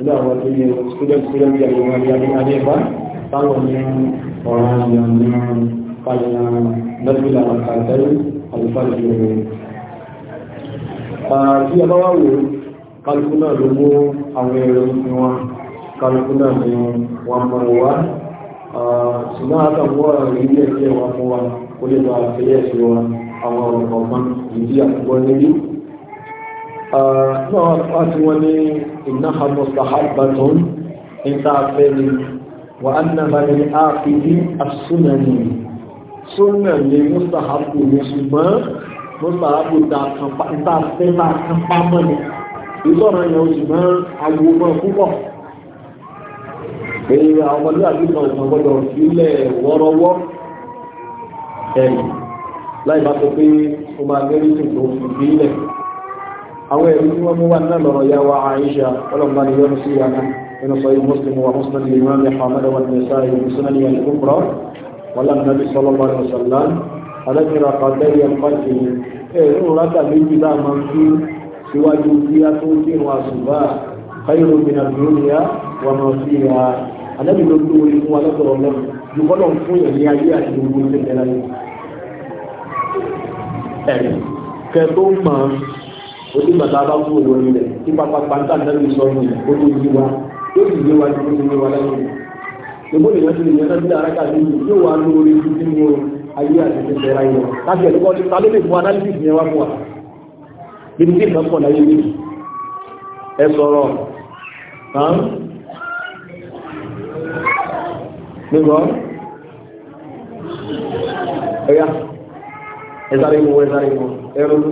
ilé àwọn tó ní student student yàgbọ́n àrí adéyàbá táwọn ní ọ̀nà ìrìnàní pàlìyàn lọ́gbìlà àkàtẹ́rù alifáàlì yẹ̀wò. Àti ọlọ́wọ́ kálukú náà ló mú àwọn ẹ̀rọ ní wọn kálukú náà ni wọ́n mọ̀ wá ṣùgbọ́n àtàwọn ọ̀rọ̀ ilé ẹ̀kẹ́ wa fún wa ó lè bá àfẹ́yẹ̀ sí wa àwọn ọ̀rọ̀ ọ̀gbọ́n ìdí àkùgbọ́ níbí náà wá sí wọn ní ìnáhà mustahabbatun níta afẹ́ ni wà á nà bá ní àfihì àsúnàní súnà ní mustahabu ní ṣùgbọ́n mustahabu ta kan pa ni ìtọ́ra yẹn oṣù máa agbóhùn náà púpọ̀ pé àwọn ọmọdé àdúgbò ìtàn gbọ́dọ̀ sílẹ̀ wọ́rọ́wọ́ ẹ̀yìn láì bá sọ pé ó máa gẹ́rí sí tó fi sílẹ̀ àwọn ẹ̀rí tí Muslim wa Muslim lè máa mẹ́fà mẹ́rẹ̀ wọn nìsa yìí Muslim ni yẹn kúkúrọ̀ wọn lọ́nà nàbí sọlọ́mọ rẹ̀ sọ̀lá alákìrà kàtẹ́rì ẹ̀kọ́ ti ẹ̀rí síwájú kí a tó kí wọn àṣùbà káyọ̀rọ̀ ìgbìnà lónìí wọn lọ sí ìhà àdábì ló tó orí fún alọ́sọ̀rọ̀ lọ ju kọ́lọ̀ fún yẹn ní ayé àti gbogbo ṣe tẹ́lá yẹn. ẹ̀rì kẹ tó mọ̀ onígbàtà bá kú òwò rẹ̀ tí pápá pátá àdábì sọ ní olú yí wa yóò sì yé wa ní olú yí wa lẹ́yìn. ìbò nìyẹn ti nìyẹn sábẹ́ àràkà ní ìlú yóò wá lórí fún ayé àti tẹ́lá yẹn. láti ẹ̀kọ́ bíbí tí ìfẹ́ pọ̀ láyé yìí ẹ sọ̀rọ̀ hàn nígbà ẹ̀yà ẹ̀sáré mú ẹ̀sáré mú ẹ̀rọ mú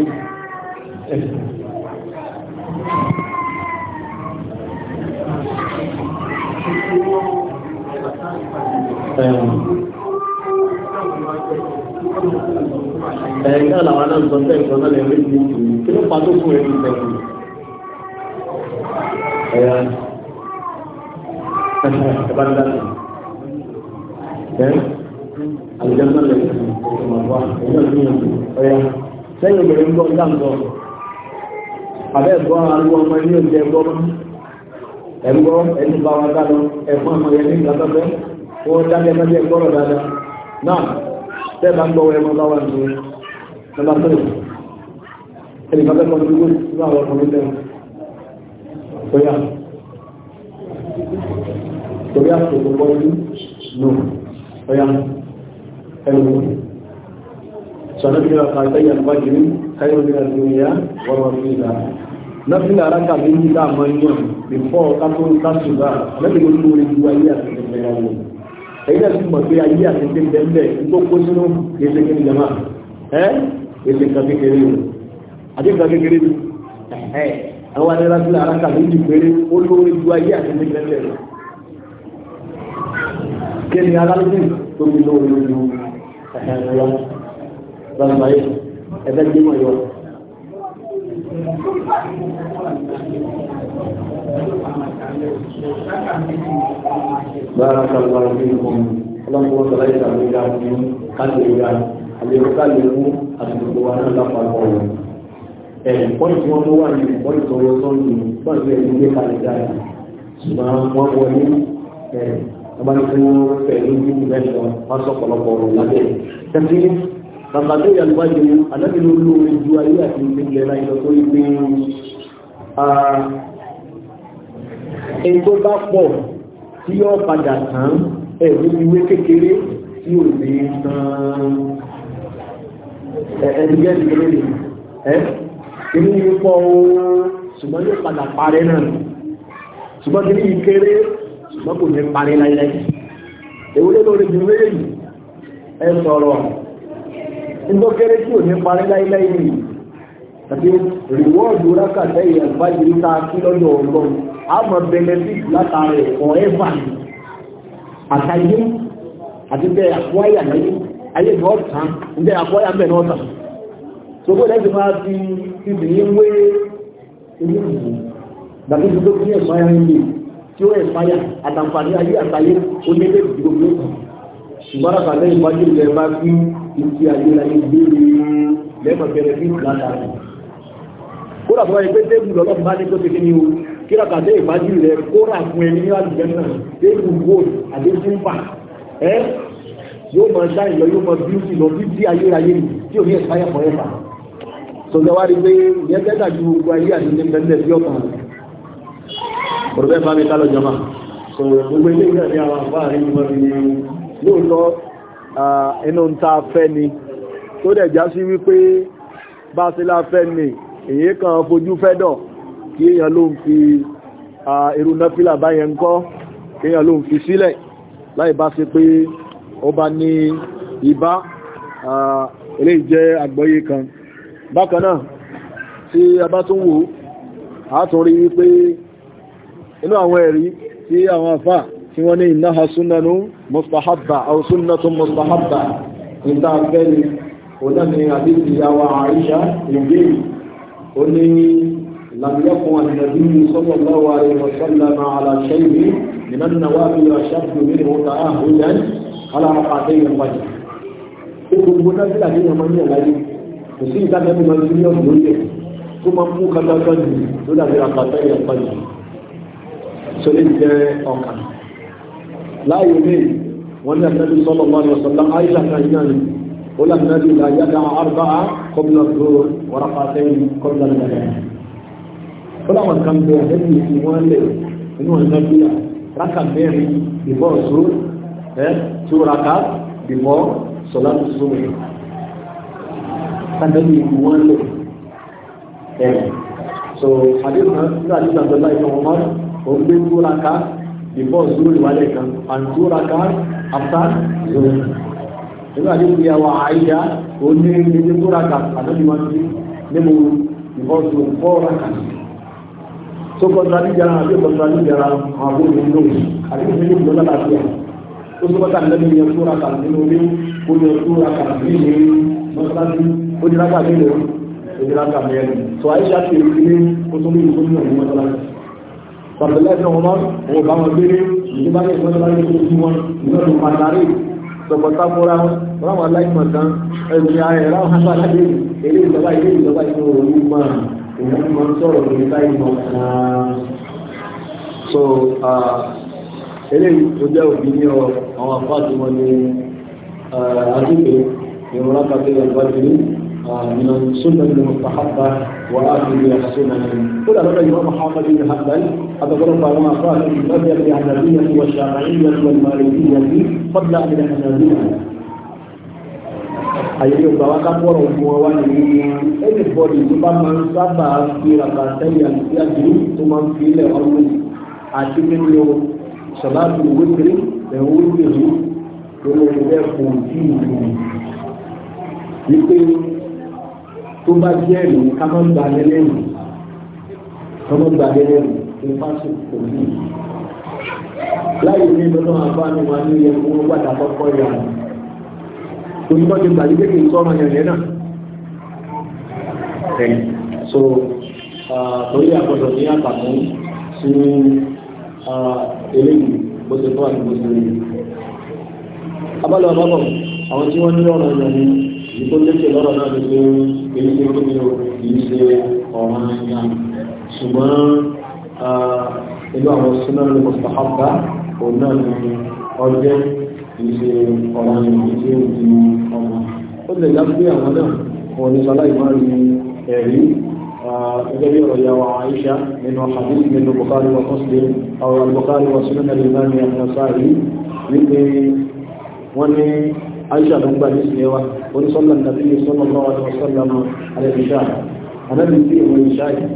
ẹ̀yìn náà làwọn náà ń sọ pé ìsọ̀nà lè rí ní ìlú kí ló pa tó kú rẹ̀ ní ìtọ́jú ẹ̀yà ẹ̀bá ń dáná ẹ̀ àwùjọ náà lè fi ìmọ̀lúwà ẹ̀yà ní ìlú ẹ̀yà lẹ́yìn obìnrin ń gbọ́ ń dáńtọ́ àbẹ́ ẹ̀gbọ́ arúgbó ọmọ ẹni ò jẹ́ ẹgbọ́ ẹ̀gbọ́ ẹni bá wa dá lọ ẹ̀gbọ́n ọmọ yẹn ní ìgbà tó fẹ́ gbọ́ ẹni bá bẹ́ẹ̀ kọjú lórí sí àwọn ọmọ ilẹ̀ ọ̀yà torí àsìkò mọ́jú nù ọ̀yà ẹnu sọ̀rọ̀bí ọ̀pá ìtẹ́yà ìbájú káyọ̀bí àdúnyà wọ́n fi ìlà lọ́fíìlà aráka mi ní ìlà àmọ́ yàn bífọ́ kátó kásùbà lẹ́bí ló lórí ju ayé àti ìgbẹ́ wọn èyí náà ti jama ẹ́ kéṣe kan kékeré àdéhùn kékeré ni àwọn adélábílà aráka méjì péré ó lórí ju ayé àti nígbẹ́lẹ̀ rẹ̀ kí ni alábí tó fi lórí ojú ẹ̀hẹ̀rẹ̀ lọ́nà ayé ẹ̀fẹ́ tí mọ̀ yọ. بارك الله فيكم اللهم صل على سيدنا محمد كاتب القرآن الذي قال له أن القرآن لا فرق بينه pọ́ìntì wọn tó wà ní pọ́ìntì ọwọ́ sọ́ọ̀nù pọ́ìntì ẹ̀kú gbé kalẹ̀ dáadáa ṣùgbọ́n wọ́n wọlé ọmọdékun pẹ̀lú mẹ́sàn wọ́n sọ pọ̀lọpọ̀ ọ̀rọ̀ lábẹ́ tẹ̀sí bàbáde àlùbáyé alábìlú olóore ju ayé àti ìpínlẹ̀ láì lọ tó ìpín ètò bá pọ̀ tí yóò padà tán ẹ̀rú ìwé kékeré tí ò ní tán ẹ̀ẹ́dìgẹ́ ìgbéró ẹ̀ kìí yìí pọ̀ ooo ṣùgbọ́n yóò padà parí náà ṣùgbọ́n kìí yìí kéré ṣùgbọ́n kò ní parí láíláí èwúlé lórí ju ẹ sọ̀rọ̀ nígbà kéré tí ò ní parí láíláí tàbí rìwọ́ọ̀dù rákàtà ìyá ìbájú ta kí lọ́dọ̀ a mọ̀ ẹ̀fà àtàyé àti bẹ́ẹ̀ ayé ọ̀tàn bẹ́ẹ̀ sọgbọ́n máa fi ibìyín wé olùkùnkùn dàbí gbogbo bí ẹ̀fọ́ ayé ń lè tí ó ẹ̀fọ́ ayé àtàǹfààní ayé àtàyé onílé ìdìbò ló kàn ṣùgbọ́n àgbà lẹ́yìn bá jẹ́ ìlẹ̀ bá fi ìfi ayé láyé gbé lẹ́mọ̀bẹ̀rẹ̀ bí ìlànà rẹ̀ kódà tó wáyé pé débù lọ́lọ́run bá ní tó ti fi ní o kíra kàdé ìbájú rẹ̀ kóra fún ẹni ní àlùjẹ́ náà débù gold àdé sílfà ẹ́ yóò máa ṣáà ìlọ yóò máa bí ó sì lọ bí bí ayérayé tí ò ní ẹ̀fọ́ ayé fọ́ ẹ̀fà sọ̀gbẹ́wárí pé yẹn tẹ́ta ju gbogbo ayé àti ní pẹ́lẹ̀ sí ọ̀kan ọ̀rọ̀bẹ́ bá mi kálọ̀ jọmọ́ so gbogbo ilé ìgbà ní àwọn àbá àrí ìmọ̀ mi ni lóòótọ́ inú ń ta fẹ́ ni tó dẹ̀ já sí wípé bá ṣe la fẹ́ ni èyí kan fojú fẹ́dọ̀ kí èèyàn ló ń fi uh, irú láì bá ṣe pé ó ní ìbá uh, eléyìí jẹ́ àgbọ́yé kan bákan náà tí a bá tún wò á tún rí wípé inú àwọn ẹ̀rí tí àwọn afá tí wọ́n ní innaha súnnanú mustahabba aw sunnatun mustahabba ìta fẹ́ni onáni àdíkì yàwó Àìṣà ìgbéyì ó ní làmìyàkùn àdìyàbí sallallahu kò sí ìgbà mẹ́rin máa ń fi yọ̀ lórí ẹ̀ tó máa ń mú kájọ́jọ́ jù ló dàbí àpàtà ìyá pàjù sọlẹ̀ jẹ́ ọkà láàyè mi wọ́n ní àtẹ́bí sọ́lọ̀ wọn ni ọ̀sán láwọn àyílà kan yíyan ni ó là ní àbí ìdájá dá àrùbá kọ́bùnà tó wọ́rọ̀ pàtẹ́ yìí kọ́bùnà lẹ́yìn ó láwọn kan bẹ àtẹ́bí ìwọ́n lẹ̀ inú ọ̀sán bí rákà mẹ́rin ìbọ̀ ọ̀ṣun ẹ̀ tí ó rákà ìbọ̀ sọ̀lá tó sọ̀rọ̀ sábẹ́bí wọn lò ẹ̀rọ so àdéhùn ní àdéhùn àgbẹ̀lá ìfọ̀n ọmọ ò ń gbé túraka before zoro ìwálẹ̀ kan and túraka after zoro nínú àdéhùn ìyàwó àyíyá ó ní ilé túraka àdéhùn wọn ti nínú before zoro fọ́ọ̀rọ̀ kan tó kọ́ńtàlì jara àti kọ́ńtàlì jara àwọn àbúrò nínú àdéhùn nínú ìjọba láti ẹ̀ tó sọ́kọ́tà nínú ìyẹn túraka nínú ilé kó yẹ túraka nínú mọ́sálásí ó ní rákà mélòó ó ní rákà mẹ́rin tó àìsà ṣe ìdílé ó tún bí ìkó nínú ìwọ́n tọ́lá bàbá ẹ̀sìn ọmọ òun bá wọn gbére ìjọba ní ìwọ́n tọ́lá ní ojú wọn ìwọ́n tó pàtàkì sọ̀pọ̀tà fúnra wọn wọn aláìmọ̀ kan ẹ̀sìn ara ẹ̀rá wọn bá láti ilé ìjọba ilé ìjọba ìlú òun máa òun máa ń sọ̀rọ̀ ní táìmọ̀ kan so eléyìí tó jẹ́ òbí ní àwọn àpáàtì wọn ní àdúgbò ìrora kàtẹ́yà ìbájú من السنة المستحبة وآخر السنة كل هذا الإمام محمد بن حنبل هذا ضرب على ما قال في مذهب الحنابلية والشافعية والمالكية قبل أن الحنابلة àyẹ̀yẹ̀ ọ̀gbà wa ká bọ̀rọ̀ fún wa ní ẹnìbọ̀dì tó bá máa ń sábà fi ràbà sẹ́yìn àti àdìrí tó máa ń fi ilẹ̀ ọ̀run àti nínú sọ̀láàtì wípéré ẹ̀wọ̀n wípéré tó lè rẹ̀ fún ìdí ìlú wípé tó bá jẹ́ ẹ̀rù ká má gba lẹ́lẹ́rù ká má gba lẹ́lẹ́rù ní fásitì kò ní. láyé ní ìdáná àbáni wa ní ilé owó padà kọ́kọ́ yà á. torí wọ́n ti gbàgbé kékeré sọ́mọ yẹn náà. so torí àkọ́dọ̀ ní àtàkùn sí eléyìí bó ṣe fọ́ àti bó ṣe rí. abálọ̀ ọ̀bọ̀ àwọn tí wọ́n ní ọ̀rọ̀ ìyọ̀ èyí tó lékè lọ́rọ̀ náà ni pé èyí tó kí ni o kì í ṣe ọ̀ràn ẹ̀yà ṣùgbọ́n ìlú àwọn súnmọ́ ní mustahaba òun náà di ọmọ ó lè dá pé àwọn náà wọn ní sọlá ìmọ̀ ní ẹ̀rí gẹ́gẹ́ bí ọ̀rọ̀ ìyàwó àìṣà nínú hadith nínú Bukhari wa Muslim àwọn Bukhari wa Sunan al-Imam an-Nasa'i wọ́n ní aisha ló ń gba ní sinmi wa onísọ́nà nàbí sallallahu alaihi wasallam àlẹ́bíṣà anábì tí ìwọ̀n ìṣá yìí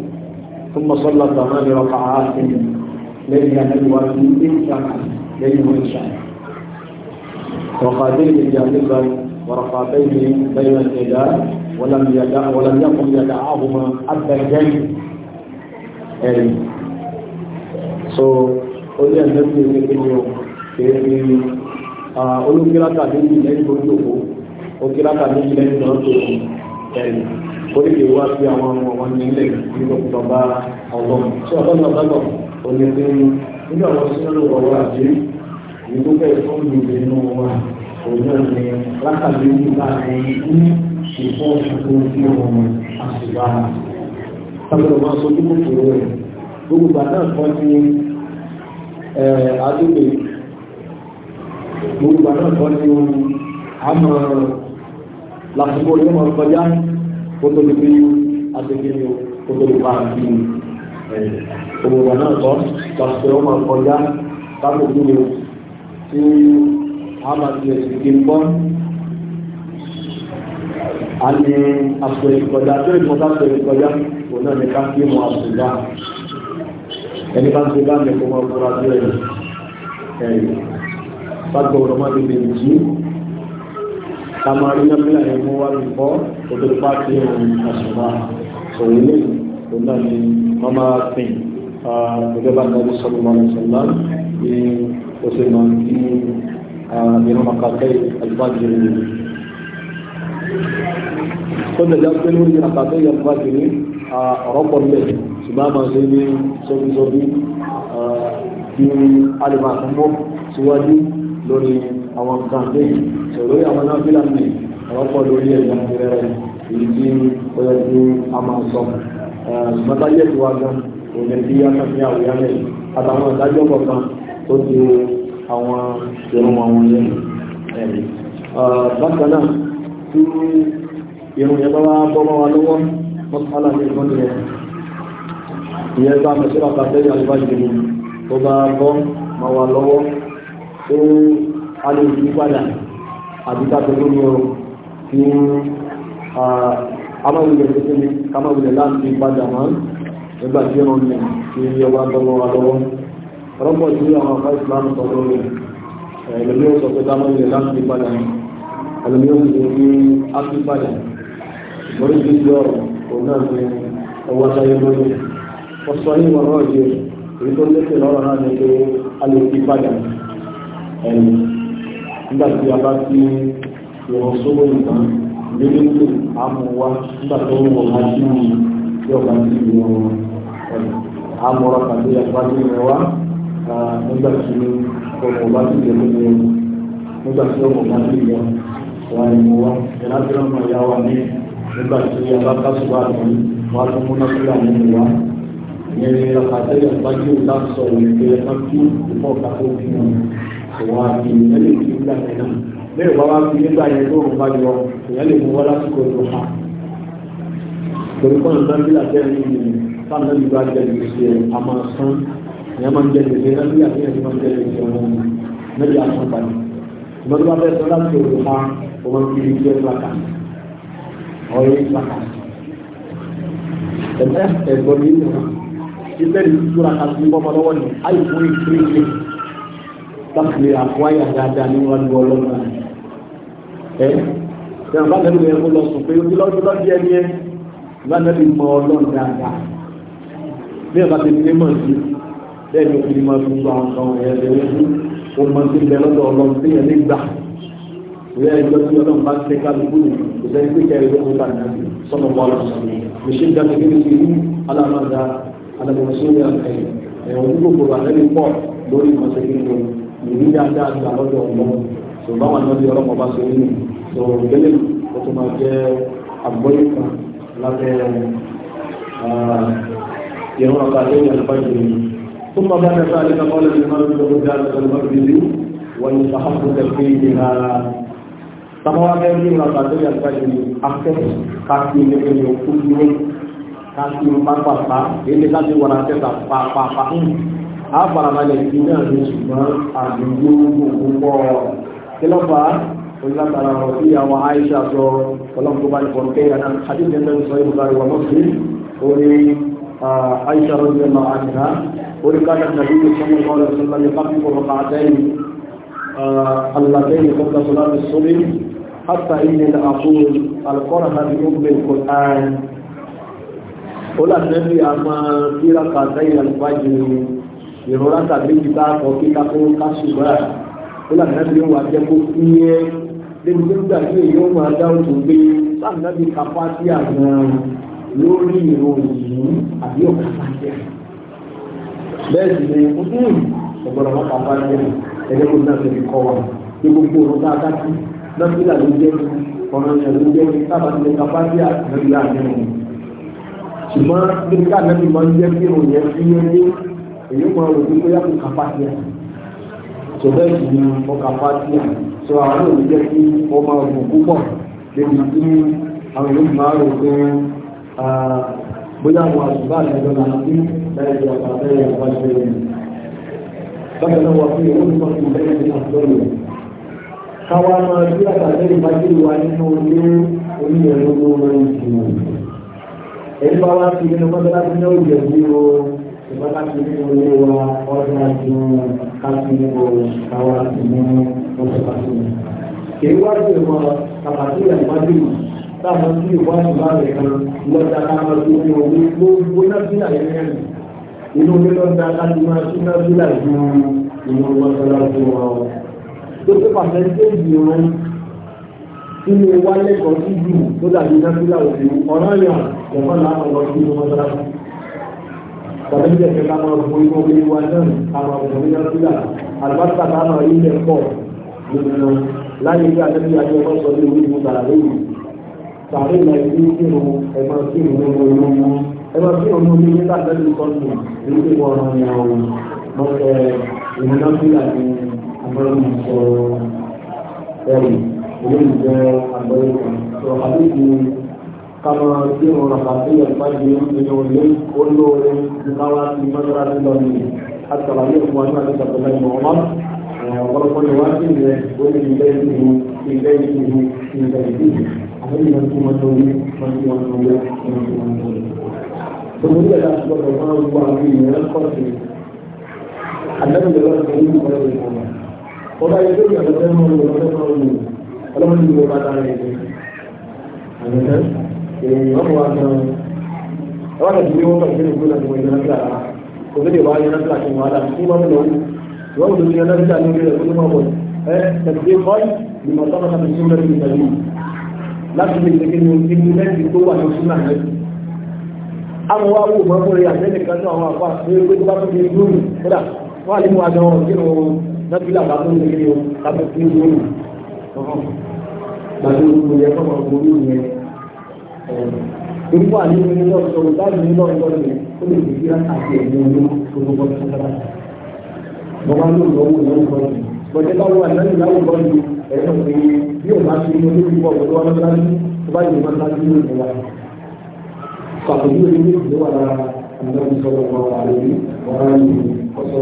fún mọ́sọ́lá tàmá ní ọkà áàfin lẹ́yìn anábì ní ìṣá lẹ́yìn ìwọ̀n ìṣá rọ̀fàdé ní ìjàmbá ورفعتيه بين الإداء ولم يدع ولم يقم يدعهما أبدا ẹ̀rí so ó yẹ ẹ̀dẹ́gbẹ̀ẹ́ kékeré o Ah, olókìláta méjì lẹ́yìn tó tòkó okìláta méjì lẹ́yìn tó tòkó ẹ̀rì oríkèé wá sí àwọn ọmọ wọn ní ilẹ̀ nígbà tó bá ọlọ́run tí ọlọ́run ọ̀dọ́gbọ̀ òní ti ń nígbà wọn sí lọ́rọ̀ ọ̀rọ̀ àti ìlú bẹ́ẹ̀ fún mi nínú wa òun náà ni láta méjì láàrin ní ìfọ́ ìfọ́ sí ọmọ àṣìbá tábìlì máa sojú kòkòrò rẹ̀ gbogbo gbàdá kan ní àdúgbò gbogbo àná kan ní o àmọ́ làkúkọ yóò máa kọjá kó tó lè fi àtẹ̀kẹ́ ní o kó tó lè bá a fi gbogbo àná kan làkúkọ yóò máa kọjá káàkó tó lè tí a máa ti ẹ̀sìn kí n bọ́ a ní ìkọjá tó ìkọjá tó ìkọjá òun náà ní ká kí mo àbùdá ẹni bá ń ṣe bá mi kó máa fura sí ẹ̀yìn fagbọ ọlọmọ mi lè jí kama iná bí àyè mú wá mi bọ òdòdó pa ti ẹ̀rùn àṣùmá sọ̀rọ̀ ilé tó náà ni wọ́n máa pín gẹ́gẹ́ bá nàbí sọ̀rọ̀ mọ́nà sọ̀lá ní oṣù náà kí ìran àkàkẹ́ àlùbájìrì ni. tó dẹ̀já pé lórí àkàkẹ́ àlùbájìrì ọ̀rọ̀ pọ̀ nílẹ̀ ṣùgbọ́n a máa ṣe ní sọ́bíṣọ́bí kí alùpàá tó mọ́ síwájú lórí àwọn kan pé ṣòro àwọn náà fílà mi àwọn pọ̀ lórí ẹ̀yà ìrẹ́ èyí tí ó yẹ kí a máa sọ mọ́tá yẹ kí wá gan òní bí a kàn ní àwòyá rẹ̀ àtàwọn ìdájọ́ kọ̀ọ̀kan tó ti àwọn ìrùn àwọn yẹn ẹ̀rí bákan náà tí ìrùn yẹn bá wá bọ́ bá wa lọ́wọ́ mọ́tálà ní ìgbọ́n yẹn ìyẹn bá mẹ́sìlá kàtẹ́yà ìbájú tó bá bọ́ ma wa lọ́wọ́ ó alẹ́ ìlú padà àbíká tó lórí ọ tí a máa wulẹ̀ tẹ́tẹ́ mi ká máa wulẹ̀ láti padà máa nígbà tí ọmọ mi ti ọba tọmọ wa lọ́wọ́ rọ́pọ̀ tí àwọn afá ìsìlámù sọ lórí ẹ̀lẹ́mí ó sọ pé ká máa wulẹ̀ láti padà ẹ̀lẹ́mí ó sì ní ápí padà lórí ti ọ̀rọ̀ òun náà ní ọwọ́ sáyé lórí ọ̀sọ́ yìí náà jẹ́ èyí tó lẹ́sẹ̀ lọ́rọ̀ náà ní pé a lè fi padà ẹnu nígbà tí a bá ti ìwọ̀n sówó nìkan lélẹ́kù amúwá nígbà tó ń wọ̀ láti ní ìjọ bá ti ìwọ̀n ẹnu amúrọ̀ tàbí àgbájú rẹ̀ wá nígbà tí ọmọ bá ti lè lóye ẹnu nígbà tí ọmọ bá ti lè wá ẹnu wá ìlànà tí wọn máa yá wa ní nígbà tí a bá kásùbà àti wọn á tún múná sílẹ̀ àmì ìwà ìyẹn ni ọkà tẹ́lẹ̀ àgbájú láti sọ̀rọ̀ ìgbéyàwó kí ìfọ̀ọ́ká tó fi hàn wọ́n á fi ìyẹn lè fi nígbà yẹn náà lẹ́yìn bá wá fi nígbà yẹn tó rùn bá yọ ìyẹn lè mú wọ́n lásìkò tó hà torí kọ́nà nàbílà jẹ́ ní ìlú fáwọn nàbí bá jẹ́ ní ìṣe a máa san ìyẹn máa ń jẹ́ ní ìṣe nàbílà jẹ́ ní máa ń jẹ́ ní ìṣe wọn nàbí àtàn balẹ̀ ìmọ̀tò bá bẹ́ẹ̀ sọ lásìkò tó hà wọ́n máa ń fi ìjẹ́ plaka ọ̀rẹ́ plaka ẹ̀fẹ́ ẹ̀gbọ́n ní ìlú káfíńsì àkúáyà dáadáa níwájú ọlọ́run náà ẹ ṣe àwọn bàtà ìlú ẹ̀kọ́ lọ sùn pé ojú lọ́jọ́ lọ́jọ́ ẹni ẹ bàtà ìlú mọ ọlọ́run dáadáa bí ẹ bá ti ní mọ̀ sí bẹ́ẹ̀ ni òfin máa fi gba ọ̀sán ẹ̀ lẹ́yìn ó máa ti bẹ lọ́dọ̀ ọlọ́run tí ẹ̀ lè gbà ìyá ìjọ tí ọlọ́run bá ń tẹ́ kálukú ni kò sẹ́ni pé kẹ́rì ló kó bàtà sọ́nà bọ́ọ̀lù sọ́nà ìṣèjọba kí lórí ìmọ̀sẹ̀kí lórí ìrí dáadáa gbà lọ́dọ̀ ọ̀gbọ́n tó bá wọn lọ́dọ̀ ọlọ́mọ bá ṣe nínú tó gẹ́lẹ́ kó tó máa jẹ́ àgbọ́yé kan lábẹ́ ìrún ọ̀gá lẹ́yìn àlùbáyé yìí tó máa bá dẹ́ta àlẹ́ta kọ́lẹ̀ ní máa ń lọ sí àlùbáyé wọ́n ní sàkóso tẹ̀sí ìlera tàbáwá bẹ́ẹ̀ ní ìrún ọ̀gá lẹ́yìn àlùbáyé yìí akẹ́kọ̀ọ́ káàkiri lẹ́yìn òkú dúró káàkiri pápá pa a farabalẹ̀ sí náà ṣùgbọ́n àdúgbò púpọ̀ kí ló fà á àwọn Aisha sọ ọlọ́pàá bá ní pọ̀ kẹ́ ìyá náà àdúgbò ẹgbẹ́ sọ ó gbé kọ́tàn ó làtẹ́bí àmà kíra kàtẹ́yìn alfájì ìrora tàbí ìta akọ kíkà kó kásùgbà ó lànà bí wà jẹ kó fi yẹ débi tó gbà tí èyí ó máa dá òtún pé sáàmì náà bí kápá sí àwọn lórí ìròyìn àbí ọ̀gá pàṣẹ. bẹ́ẹ̀ sì ni ọ̀gbọ́dọ̀ wọn kápá jẹ ẹgbẹ́ kó náà tẹ̀lé kọ́ wa ní gbogbo ọ̀rọ̀ tá a ká sí náà sí jẹ́ ọ̀rọ̀ yẹn jẹ́ sábà ní kápá sí àwọn ìlú ṣùgbọ́n bí náà ti máa ń jẹ́ kí òun yẹn fi yẹn èyí mọ àwọn òbí bóyá kò kápá sí à tó bẹ́ẹ̀ sì ni mo kápá sí à tó àwọn náà ní jẹ́ kí wọ́n máa gùn púpọ̀ débi tí àwọn èèyàn máa rò pé bóyá àwọn àṣùbá àtẹ̀jọ́ náà sí lẹ́yìn ọ̀pá lẹ́yìn ọ̀pá ṣe é bákan náà wà fún ìwọ́n nípa ti lẹ́yìn ní àtúntò káwa máa bí àtàlẹ́yìn bá dé wa nínú ilé oníyẹ̀rọ ló rẹ̀ ìdìbò bá wá sí nínú ìgbọ́nà ti ní orí wa ọdún àjò káfí oòrùn àwọn àtìmọ́ oṣù kàtó. Kìí wá sí ìwọ àpàtì ìwádìí mọ̀ táwọn tí ìwádìí bá rẹ̀ kan lọ́jà káwọn tó ní orí gbogbo náà sílà yẹn rẹ̀. Inú orí lọ́jà láti máa sí náà sílà ju ìwọ lọ́sọ̀lá fún wa o. Gbogbo pàṣẹ séèjì wọn nínú wálé kan sí jù tó dàbí náà sílà òfin ọ̀rọ̀ àyà lọ́kọ̀ọ́lá àwọn ọ̀rọ̀ sí ìwọ lọ́sọ̀lá fún tàbí ilé ẹ̀fẹ́ ká máa bu inú orí wa náà àwọn ọkùnrin náà sílà àlùbáṣà ká máa rí ilẹ̀ pọ̀ nínú láyé bí adébí adé ọmọ sọ ní orí ìlú bàrà lóyún tàbí ìlà ìlú kírù ẹ̀mọ kírù nínú ìlú wọn ẹ̀mọ kírù nínú ilé nígbà tẹ́lẹ̀ kọ́ńtù ìlú tí wọ́n rán ìyá wọn mọ́ ẹ̀ ìlú náà sílà ní àbọ̀rún sọ ẹ̀rù ìlú ìjẹ́ àbọ̀rún sọ àbí kama tí mo rà bá sí ẹ̀fà yìí nínú ilé olóore káwá sí mọ́tàrà sí lọ nìyí àtàlà ní ìfún wájú àti ìtàkùnlé ìmọ̀ọ́mọ́ ọ̀pọ̀lọpọ̀ ni wá sí ilẹ̀ orí ilé ìlú ilé ìlú ilé ìlú àwọn ìlú tí wọ́n tó ní wọ́n tí wọ́n tó yẹ wọ́n tí wọ́n tó yẹ. Tòun ní ẹ̀dá ti gbọdọ̀ máa ń wọ àwọn ènìyàn kọ̀ sí àdánilẹ́lọ́sọ̀rọ̀ ní ìkọ̀lẹ́ ìfọ̀mọ̀. Ọba ìgbé ìyàtọ̀ fẹ́ mọ́ ọ̀rọ̀ fẹ́ mọ́ ọ̀rọ̀ ọlọ́run ní ìwọ̀n bá dára ẹ̀jẹ̀. Àgbẹ̀dẹ́ èèyàn wọ́n wá gan ẹ wá tẹ̀sí wọ́n kàn sí ìgbóná tí wọ́n yẹn náà kílára kò tó lè wá yẹn náà kílára kí wọ́n á dà sí wọ́n lọ ìwọ́n wò ló yẹn náà kílára ní orí rẹ̀ fún ọmọ ẹ tẹ̀sí kọ́ì ni mo tọ́ka tàbí sí mẹ́rin ìgbà yìí láti lè ṣe kí ni ibi mẹ́rin tó wà ní súnà rẹ̀ àwọn wá wò mọ́ fún rẹ̀ àtẹ́nìkan náà àwọn àpá pé pé tó bá tó lè dúró kódà wọ́n á lè mú wa gan ọ̀rọ̀ kí ni wọ́n náà fi làbá tó lè kí ni wọ́n tàbí kí ni wọ́n lò. Gbàdúrà ìgbòho yẹn kọ́ Irú àlẹ́ mi lọ sọ báyìí mi lọ sọ yẹn ó lè àti ẹ̀yìn ọdún tó tó bọ́ sí sábà. Bọ́lá ló lọ wò lọ́wọ́ bọ́ sí. Bọ́dé bá wà lẹ́yìn láwù bọ́ sí ẹ̀rọ pé bí ò bá ṣe ní olórí bọ́ ọ̀dọ́ wọn lọ́dún tó bá yẹ wọn lọ́dún ní ìlú wa. Pàtàkì òní ní ìlú wa wà lórí ọ̀rọ̀ yìí ọ̀sọ̀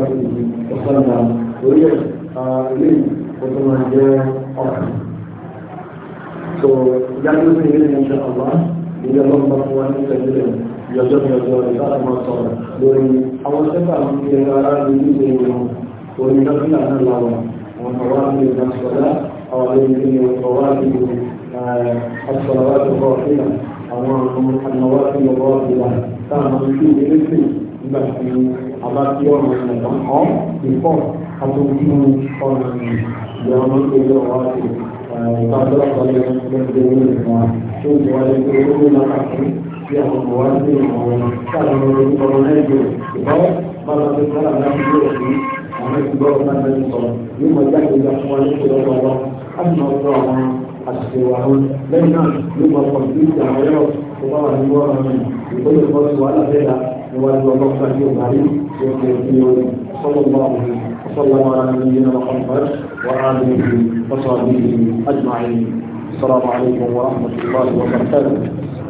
yìí ọ̀sọ̀ so ìyájú sí ilé ní ṣe ọ̀gbá ilé ọlọ́pàá fún wa ní ìtẹ̀lẹ̀ ìyọjọ́ ìyọjọ́ ìsáàmà sọ̀rọ̀ lórí àwọn sẹ́fà ń fi ẹ̀rọ ara ní ilé ìwọ̀n orí dókítà náà láwọn àwọn ọ̀rọ̀ àti ìdánsọ̀dá àwọn ilé ìwọ̀n àti ọ̀sọ̀rọ̀ àti ọ̀fìnà àwọn ànàwà àti ọ̀rọ̀ ọ̀fìnà táwọn fi ilé sí nígbà tí a bá tí ọ̀rọ̀ ìrìnàjò ọ̀ ìfọ̀ àti ojú ọ̀rọ̀ ìyàwó ìgbéyàwó àti ìpàdé ọ̀pọ̀lọpọ̀ lẹ́gbẹ̀ẹ́ ń bá lọ ní mo jáde lọ fún wọn wà ní wọ́n يوالد الرحمة يظهرين يكون صلى الله على نبينا محمد وآله وصحبه أجمعين السلام عليكم ورحمة الله وبركاته